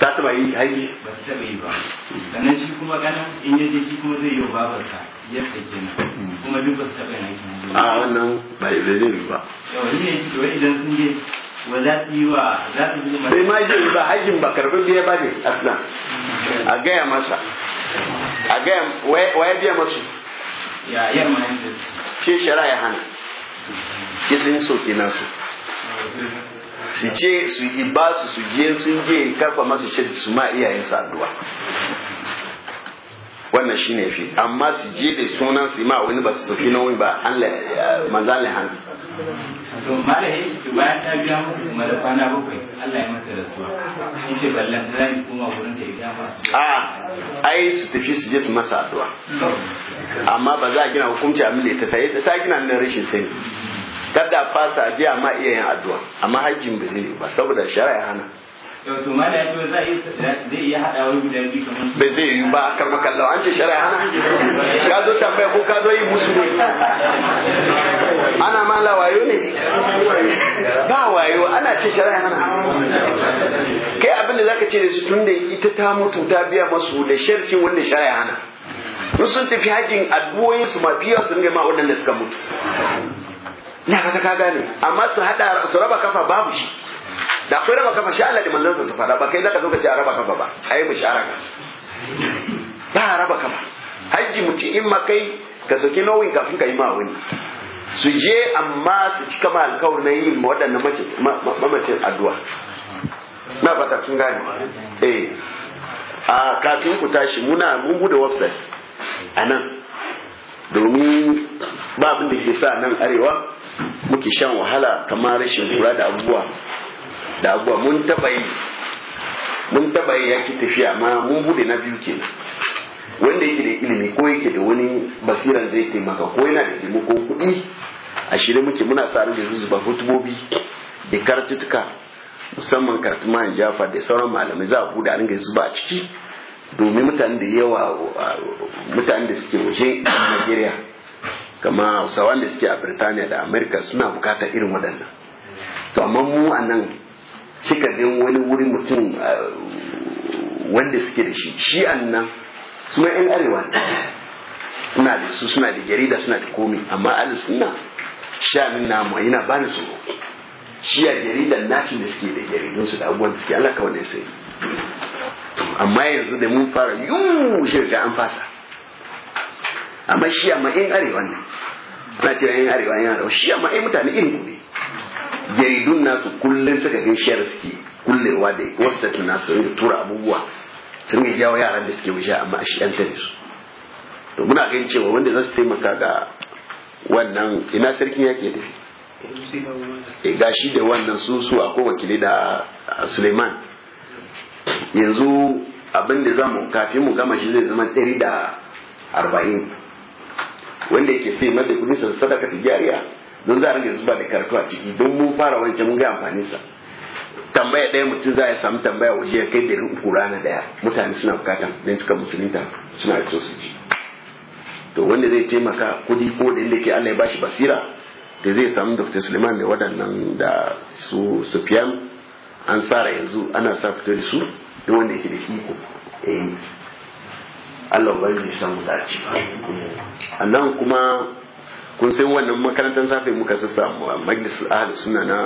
ta taba yi haji ba ta taba yi ba sannan shi kuma kana in yaje shi kuma zai yi babar ka ya sake hmm. kuma duk ba su taba yi aikin a wannan ba da zai yi ba yawa ne to idan sun je wa za su yi wa za su yi ma sai ma yi ba hajin ba karbi biya ba ne asna a gaya masa a gaya waya biya masu ya yan mahaifiyar ce ya hana kisin so kenan su su ce su yi ba su su je sun je karfa masu ce su ma iyayen su addu'a wannan shine fi amma su je da sunan su ma wani ba su sofi na wani ba Allah manzo Allah han to malai shi bayan ta biya musu kuma da kwana bakwai Allah ya masa rasuwa in ce ballan da ni kuma gurin da ya ba a ai su tafi su je su masa addu'a hmm. amma ba za a gina hukunci a da ta ta gina na rashin sani kada fasa ji amma iya yin addu'a amma hajjin ba zai ba saboda shari'a hana ba zai yi ba a karma kallon an ce shari'a hana ka zo tambaya ko ka zo yi musu ne ana mala wayo ne ba wayo ana ce shari'a hana kai abin da zaka ce da su tun ita ta mutu ta biya masu da sharci wanda shari'a hana in sun tafi hajjin addu'o'insu ma fiye su ne ma waɗanda suka mutu ina kaga ka gane amma su hada su raba kafa babu shi da akwai raba kafa shi Allah da manzon su fada ba kai ka zo ka ce raba kafa ba ai musharaka ba raba kafa haji mu in ma kai ka soki nauyin kafin ka yi ma wani su je amma su cika ma alkawar na yin waɗannan mamacin addu'a na fata kun gane eh a kafin ku tashi muna mun bude website a nan domin babin da ke sa nan arewa muke shan wahala kamar rashin kula da abubuwa da abubuwa mun taba yi mun taba yi yake tafiya amma mun bude na biyu ke wanda yake da ilimi ko yake da wani basiran zai taimaka ko yana da taimako kuɗi a shirin muke muna sa da zuzuba hutubobi da karatutuka musamman kartuman jafa da sauran malamai za a bude a ringa zuba a ciki domin mutane da yawa mutane da suke waje Najeriya kama hausawan da suke a birtaniya da amerika suna bukata irin waɗannan to amma mu a nan cika zai wani wuri mutum eh, wanda suke da shi shi nan suna yan arewa suna da su suna da jarida suna da komi amma ali suna shanin namu yana ba da su shi a jaridan nasu da suke da jaridun su da abubuwan da suke Allah wanda ya sai amma yanzu da mun fara yun shirka an fasa amma shi amma in arewa ne na cewa in arewa in arewa shi amma in mutane irin ku ne jaridun nasu kullum suka gan shiyar suke kullewa da wasa tuna su ringa tura abubuwa su ringa jawo yaran da suke wuce amma a shi yan tare su to muna ganin cewa wanda za su taimaka ga wannan ina sarkin yake tafi e gashi da wannan su su akwai wakili da suleiman yanzu abin da za mu kafin mu gama shi zai zama ɗari da arba'in wanda yake sai mata kudin sa sadaka jariya don za a rage zuba da karatu a ciki don mun fara wancan mun ga amfanin sa tambaya ɗaya mutum za a samu tambaya waje ya kai ɗari uku rana ɗaya mutane suna bukata don cika musulunta suna da su ji to wanda zai taimaka kudi ko da inda ke Allah ya bashi basira da zai samu Dr. Suleiman da waɗannan da su Sufyan an sara yanzu ana sa fito da su don wanda yake da shi eh Allah san mu dace a nan kuma kun san wannan makarantar safe muka sassa majlis ahli suna na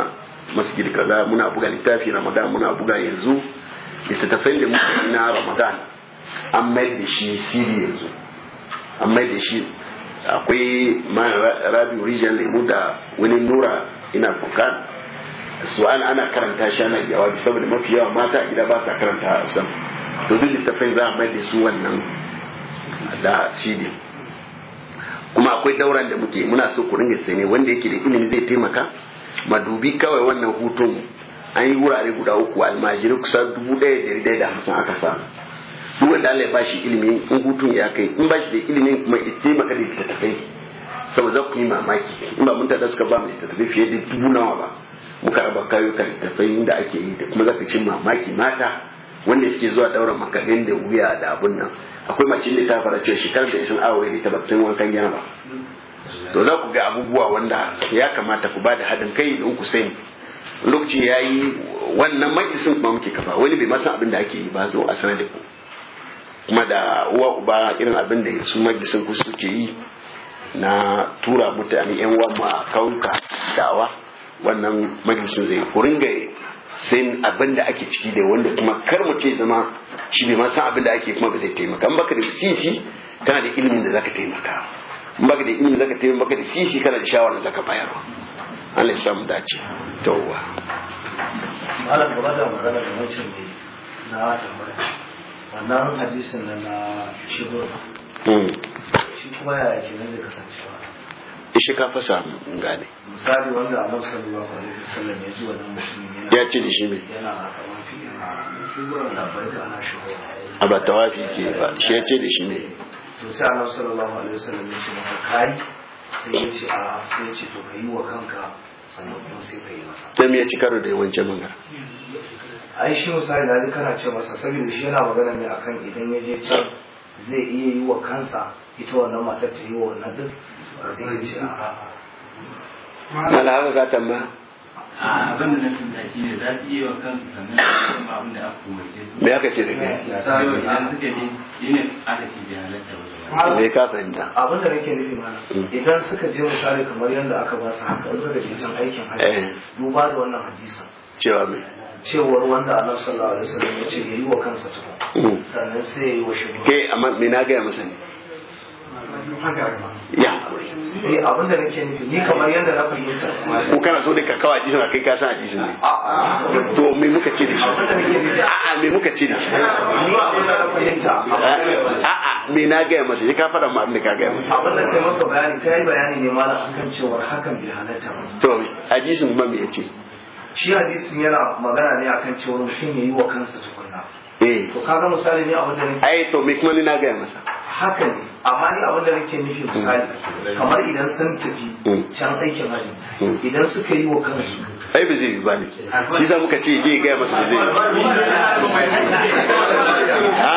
masjid kaza muna buga littafi ramadan muna buga yanzu littattafai da muka na ramadan an mai da shi siri yanzu an mai da shi akwai man rabi region lemu da wani nura ina su an ana karanta shi ana yawa saboda mafi yawa mata gida ba sa karanta a sam to duk littattafai za a mai da su wannan da cd kuma akwai dauran da muke muna so ku ringa sai ne wanda yake da ilimi zai taimaka madubi kawai wannan hutun an yi wurare guda uku almajiri kusa dubu ɗaya da ɗaya da hamsin aka sa duk wanda Allah ya bashi ilimi in hutun ya kai in bashi da ilimi kuma ya taimaka da littattafai za ku yi mamaki in ba mun tada suka ba mu littattafai fiye da dubu nawa ba muka raba kayukan littattafai inda ake yi da kuma zaka cin mamaki mata wanda suke zuwa daura makarin da wuya da abun nan akwai macin da ta fara cewa shekarar da isin awo da ita ba sun wankan yana ba to za ku ga abubuwa wanda ya kamata ku ba da haɗin kai da ku sani lokaci ya yi wannan isin kuma muke kafa wani bai masan abin da ake yi ba zo a sanar da ku kuma da uwa uba irin abin da su majalisin ku suke yi na tura mutane yan uwa ma dawa wannan majalisin zai ku ringa sai abin da ake ciki da wanda kuma kar mu ce zama shi bai ma san abin da ake kuma ba zai taimaka in baka da sisi kana da ilimin da zaka taimaka in baka da ilimin da zaka taimaka baka da sisi kana da shawara da zaka bayar Allah ya samu dace tawwa malam gaba bada magana da mace ne na tambaya wannan hadisin na na hmm. shi kuma ya ke nan da kasancewa ishe ka fa samu in gane misali wanda annabi sallallahu alaihi wasallam ya ji wannan mutumin yana ya ce da shi ne yana a ba tawafi ke ba shi ya ce da shi ne to sai Allah sallallahu alaihi wasallam ya ce masa kai sai ya ce a sai ya ce to kai wa kanka sannan kuma sai kai masa dan me ya ci karo da yawancin magana ai shi misali da kana ce masa saboda shi yana magana ne akan idan ya je can zai iya yi wa kansa ita wannan matar ta yi wa wannan duk zai ce a ba haka ka tambaya abin da na tambaya shi ne za su iya wa kansu sannan su kuma abin da aka umarce su me aka ce da kai sayo idan suka bi shi ne aka ce bai halatta ba me ka fahimta abin da nake nufi mana mm. idan suka je misali kamar yadda aka ba su haka in suka je can aikin hajji eh. duba da wannan hadisan cewa me cewar wanda annabi sallallahu alaihi wasallam ya ce yayi wa kansa tukun mm. sannan sai ya yi wa shi ke amma me na ga masa ne ya eh abin da ni kamar yadda na fahimta ko kana so da ka kawo hadisin kai ka san hadisin ne to me muka ce da shi a'a me muka ce da shi ni abin na fahimta a'a me na ga masa ka fara ma abin ka ga masa abin da kai masa bayani kai bayani ne malam akan cewa hakan bi halatta to hadisin ba me yace shi hadisin yana magana ne akan cewa mutum yayi wa kansa tukuna eh to kaga misali ne abin da nake ai to me kuma ni na gaya masa haka ne amma ni abin da nake nufi misali kamar idan sun tafi can aikin haji idan suka yi wa kansu ai ba zai ba ne shi sa muka ce je gaya masa da zai ha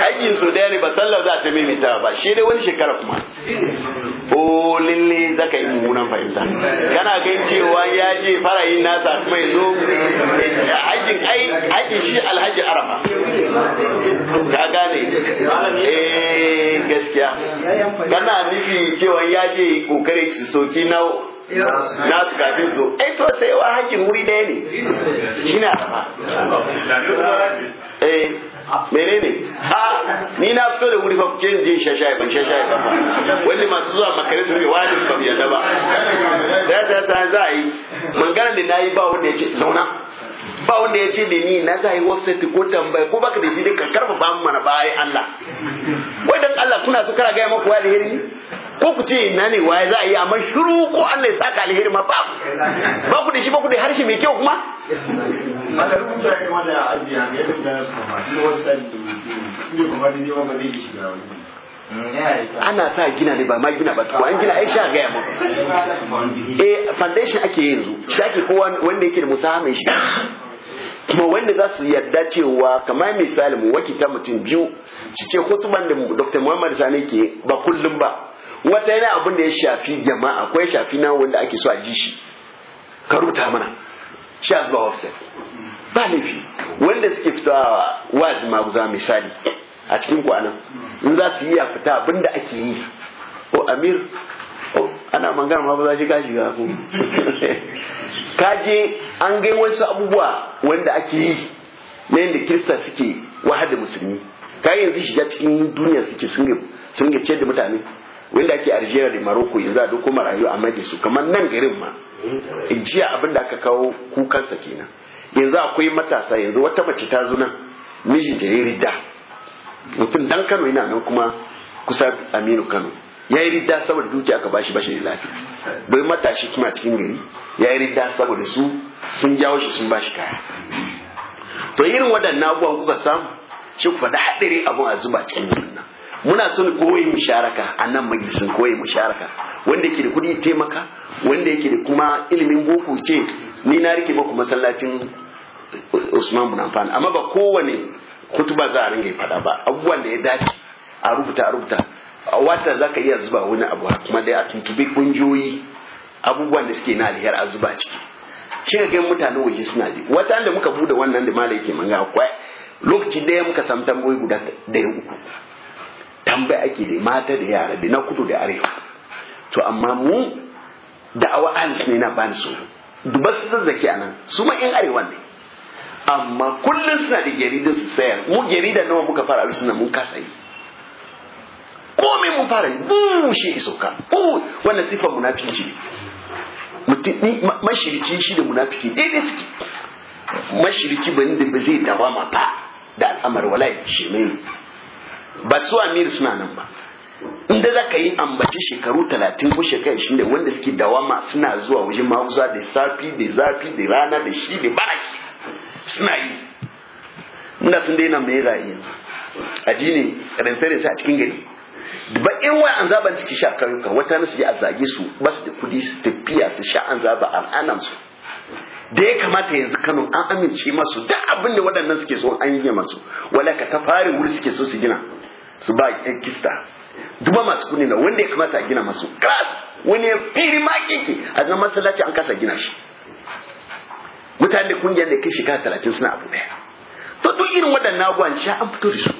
aikin so daya ne ba sallar za ta mimita ba shi dai wani shekara kuma o lille za ka yi mummunan fahimta kana gan cewa ya je fara yin nasa kuma ya zo aikin aikin shi alhaji arafa ka gane eh gaskiya kana nufin cewa ya je kokari su soki na nasu kafin zo ai eh, to sai wa hakkin wuri ɗaya ne shine arfa eh menene a ni na fito da wuri fa kuce je shashaye ban shashaye ba wani masu zuwa makare su ne wani ba ya da ba ta ta za a yi magana da nayi ba wanda ya ce zauna ba wanda ya ce da ni na zai website ko tambaya ko baka da shi dai ka mu mana bayan Allah wai dan Allah kuna so kara ga maku wa alheri ko ku ce na ne waye za a yi amma shiru ko Allah ya saka alheri ma babu ba ku da shi ba ku da harshe mai kyau kuma hmm, ana sa gina ne ba ma gina ba an gina ai sha gaya mu eh foundation ake yanzu shi ake kowa wanda yake da musamman shi kuma wanda za su yarda cewa kamar misali mu ta mutum biyu su ce hutuban da dr muhammad sani ke ba kullum ba wata yana abin da ya shafi jama'a akwai shafi na wanda ake so a ji shi ka rubuta mana shi ba offset ba laifi wanda suke wa wazi maguza misali a cikin kwanan in za su yi a fita abin da ake yi ko amir ana magana ma ba za shi ka shiga ko je an ga wasu abubuwa wanda ake yi na yadda kirista suke wahada musulmi ka yanzu shiga cikin duniya suke sun ga da mutane wanda ake Algeria da maroko yanzu a kuma marayu a mai su kamar nan garin ma jiya abin da aka kawo kukansa kenan yanzu akwai matasa yanzu wata mace ta zo nan mijin jariri da mutum dan Kano yana nan kuma kusa Aminu Kano ya yi ridda saboda dukiya aka bashi bashi da lafiya bai matashi kuma cikin gari ya yi ridda saboda su sun jawo shi sun bashi kaya to irin waɗannan abubuwan kuka samu shi ku faɗi haɗari abun a zuba can nan muna son koyi musharaka a nan majalisin koyi musharaka wanda yake da kuɗi taimaka wanda yake da kuma ilimin boko ce ni na rike maku masallacin Usman bin Affan amma ba kowane kutuba za a ringa faɗa ba abubuwan da ya dace a rubuta a rubuta A watan za ka iya zuba wani abu kuma dai a tuntubi kungiyoyi abubuwan da suke na alhiyar a zuba ciki shi ga gan mutane waje suna ji wata da muka bude wannan da malai ke manga kwai lokaci daya muka samu tambayoyi guda ya uku tambaya ake da mata da yara da na kudu da arewa to amma mu da awa alis ne na bani su duba su zazzaki a nan su ma yan arewa ne amma kullum suna da jaridar su sayar mu da nawa muka fara alusuna mun kasa yi komai mun fara yi shi isoka wannan sifar munafiki ne mutum mashirici shi da munafiki daidai suke mashirici bane da ba zai dawama ba da al'amar walai shi mai ba su amir suna nan ba inda za ka yi ambaci shekaru talatin ko shekaru ishirin da wanda suke dawama suna zuwa wajen mahuza da safi da zafi da rana da shi da baraki suna yi inda sun daina mai rayu yanzu aji ne rinsa a cikin gari ba in wai an zaba ciki sha karuka wata nasu ji a zage su bas su da kudi su tafiya su sha an zaba al'anan su da ya kamata yanzu Kano an amince masu da abin da waɗannan suke so an yi masu wala ka ta fari wuri suke so su gina su ba a kista duba masu kuni na wanda ya kamata a gina masu kras wani firi ma kike a zama masallaci an kasa gina shi mutane kungiyar da kai shekara talatin suna abu daya to duk irin waɗannan abubuwan sha an fito da su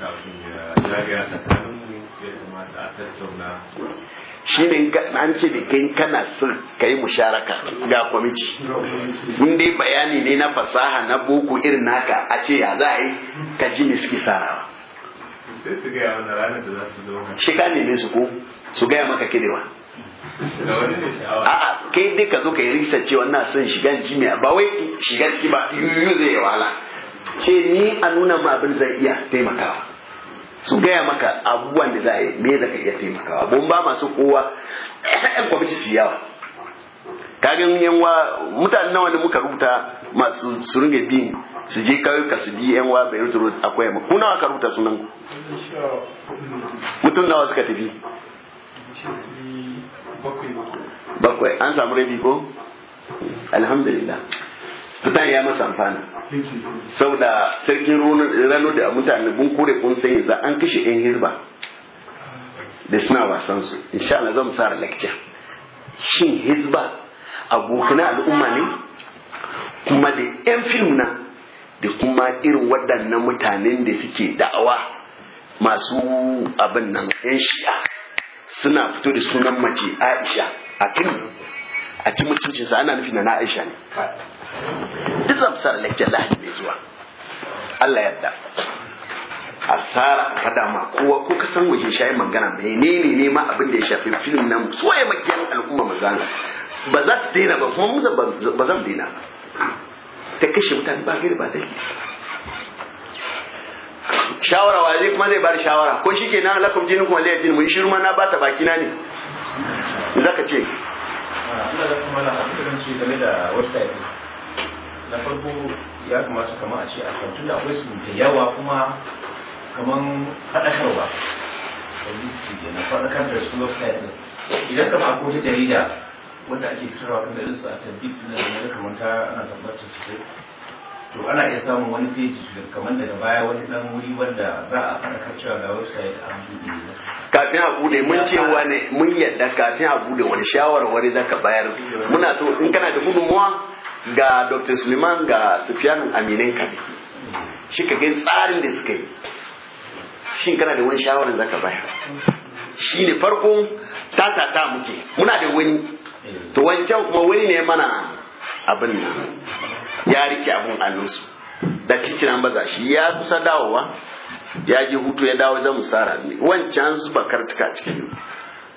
Shin shi ne an ce da kai kana son ka yi musharaka ga kwamiti in dai bayani ne na fasaha na boko irin naka a ce ya za a yi ka ji ne suke sarawa shi ka neme su ko su gaya maka kirewa a'a kai dai ka zo ka yi risa cewa na son shiga jimiya ba wai shiga ciki ba yiwu zai yi wala ce ni a nuna ma abin zai iya taimakawa su gaya maka abubuwan da za a yi me za ka iya taimakawa bun ba masu kowa yan [coughs] kwamiti su yawa kagin yanwa mutane nawa ne muka rubuta masu surunge ringa bin su je kauyuka su ji yanwa bai rutu akwai mu kuna ka rubuta sunan ku mutum nawa suka tafi bakwai an samu rabi ko alhamdulillah fitan ya masa amfani saboda sarkin rano da mutane bun kore kun sai za an kashe yan hirba da suna wasan su insha Allah zan sa lecture shin hizba abokan al'umma ne kuma da yan film na da kuma irin waɗannan mutanen da suke da'awa masu abin nan yan shi'a suna fito da sunan mace Aisha a kin a cikin sa ana nufi na Aisha ne duk zan sa lecture lahadi mai zuwa Allah yadda tsara ka ma kowa ko ka san waje shayi magana menene ne ma abin da ya shafi filin nan soye makiyan al'umma magana ba za su daina ba kuma musa ba zan daina ta kashe mutane ba gari ba dalili shawara wa zai kuma zai bada shawara ko shi ke nan lakum jini kuma zai jini mun shiru ma na bata baki na ne za ka ce na farko ya kamata kama a ce a kwantun da akwai su da yawa kuma kaman faɗakarwa na faɗakar da su lokacin din idan kama a wata jarida wanda ake fitarwa kan da su a tabbib na da kamar ta ana zambar ta cikin to ana iya samun wani da kamar daga baya wani dan wuri wanda za a faɗakar cewa ga website an ne. kafin a bude mun ce wani mun yadda kafin a bude wani shawarwari za ka bayar muna so in kana da gudunmuwa ga dr suleiman ga sufiyanin aminan ka shi ka gani tsarin da suka yi shi kana da wani shawarar zaka bayar shi ne farko ta ta muke muna da wani to wancan kuma wani ne mana abin nan ya rike abun annunsu da an baza shi ya kusa dawowa ya je hutu ya dawo zan musara ne wancan su bakar cika cikin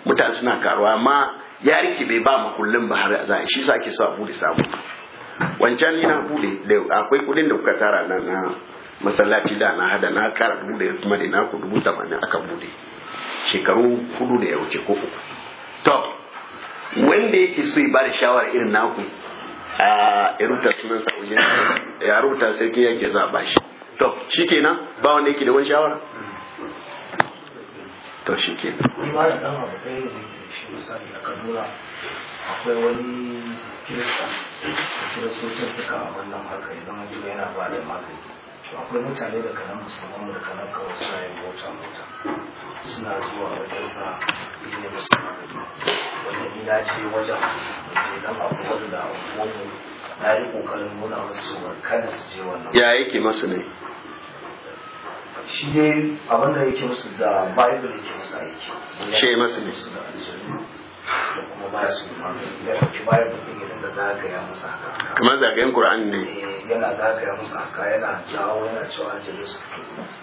mutane suna karuwa amma ya rike bai ba makullin ba har za shi sake ake so a bude sabo wancan ni na bude da akwai kudin da kuka tara nan na masallaci da na hada na kara da kuma da naku dubu tamanin aka bude shekaru hudu da ya wuce ko uku to wanda yake so ya bada shawara irin naku a irin tasirin sunan sa wajen ya rubuta sarki yake zaba shi to to shikenan ba wanda yake da wani shawara to kenan akwai wani kirista kiristocin suka abin nan haka ya zama duk yana ba da magani akwai mutane da kanan musamman da kanan kawai suna yin mota mota suna zuwa wajen sa ne musu magani wanda ni na ce wajen da na ba kuma da wani na yi kokarin nuna musu kada su je wannan ya yake masu ne shi ne abin da yake musu da bible yake musu aiki ce masu ne kuma ba su ya ɗauki bayan mutum ya dinga zagaya musu haka kamar zagayen Qur'an ne eh, yana zagaya musu haka yana jawo yana cewa an jere su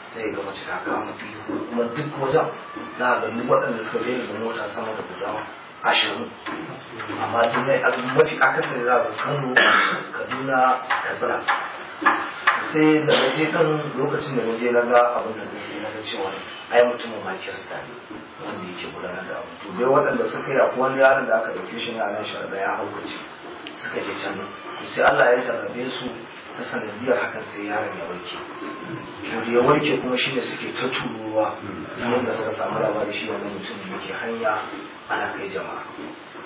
sai ga mace ta kama mutum kuma duk wajen na a ganin waɗanda suka zai da mota sama da buzawa ashirin amma duniya mafi akasari za a kano kaduna katsina sai da sai kan lokacin da na je na ga abin da na sai na ga cewa ai mutumin ma kirista ne wanda yake gudanar da abu waɗanda suka yi akwai wani yaron da aka ɗauke shi ne a nan ɗaya ya haukace suka je can sai Allah ya sarrafe su ta sanadiyar hakan sai yaron ya warke to ya warke kuma shi ne suke ta turuwa da suka samu labari shi wannan mutum da yake hanya ana kai jama'a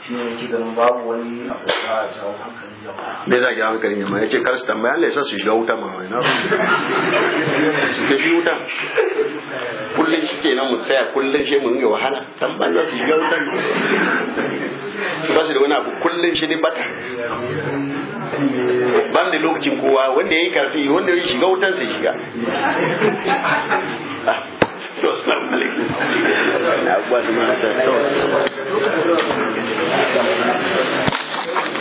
shi ne yake ganin babu wani me za a jawo hankalin ya ce kar su tambaya Allah su shiga wuta ma na su ke shi wuta kullum shi ke nan mu tsaya kullum shi mun yi wahala tambaya za su shiga wuta su ba su da wani abu kullum shi ne bata ban da lokacin kowa wanda ya yi karfi wanda ya shiga wutan sai shiga ah. goes normally. I wasn't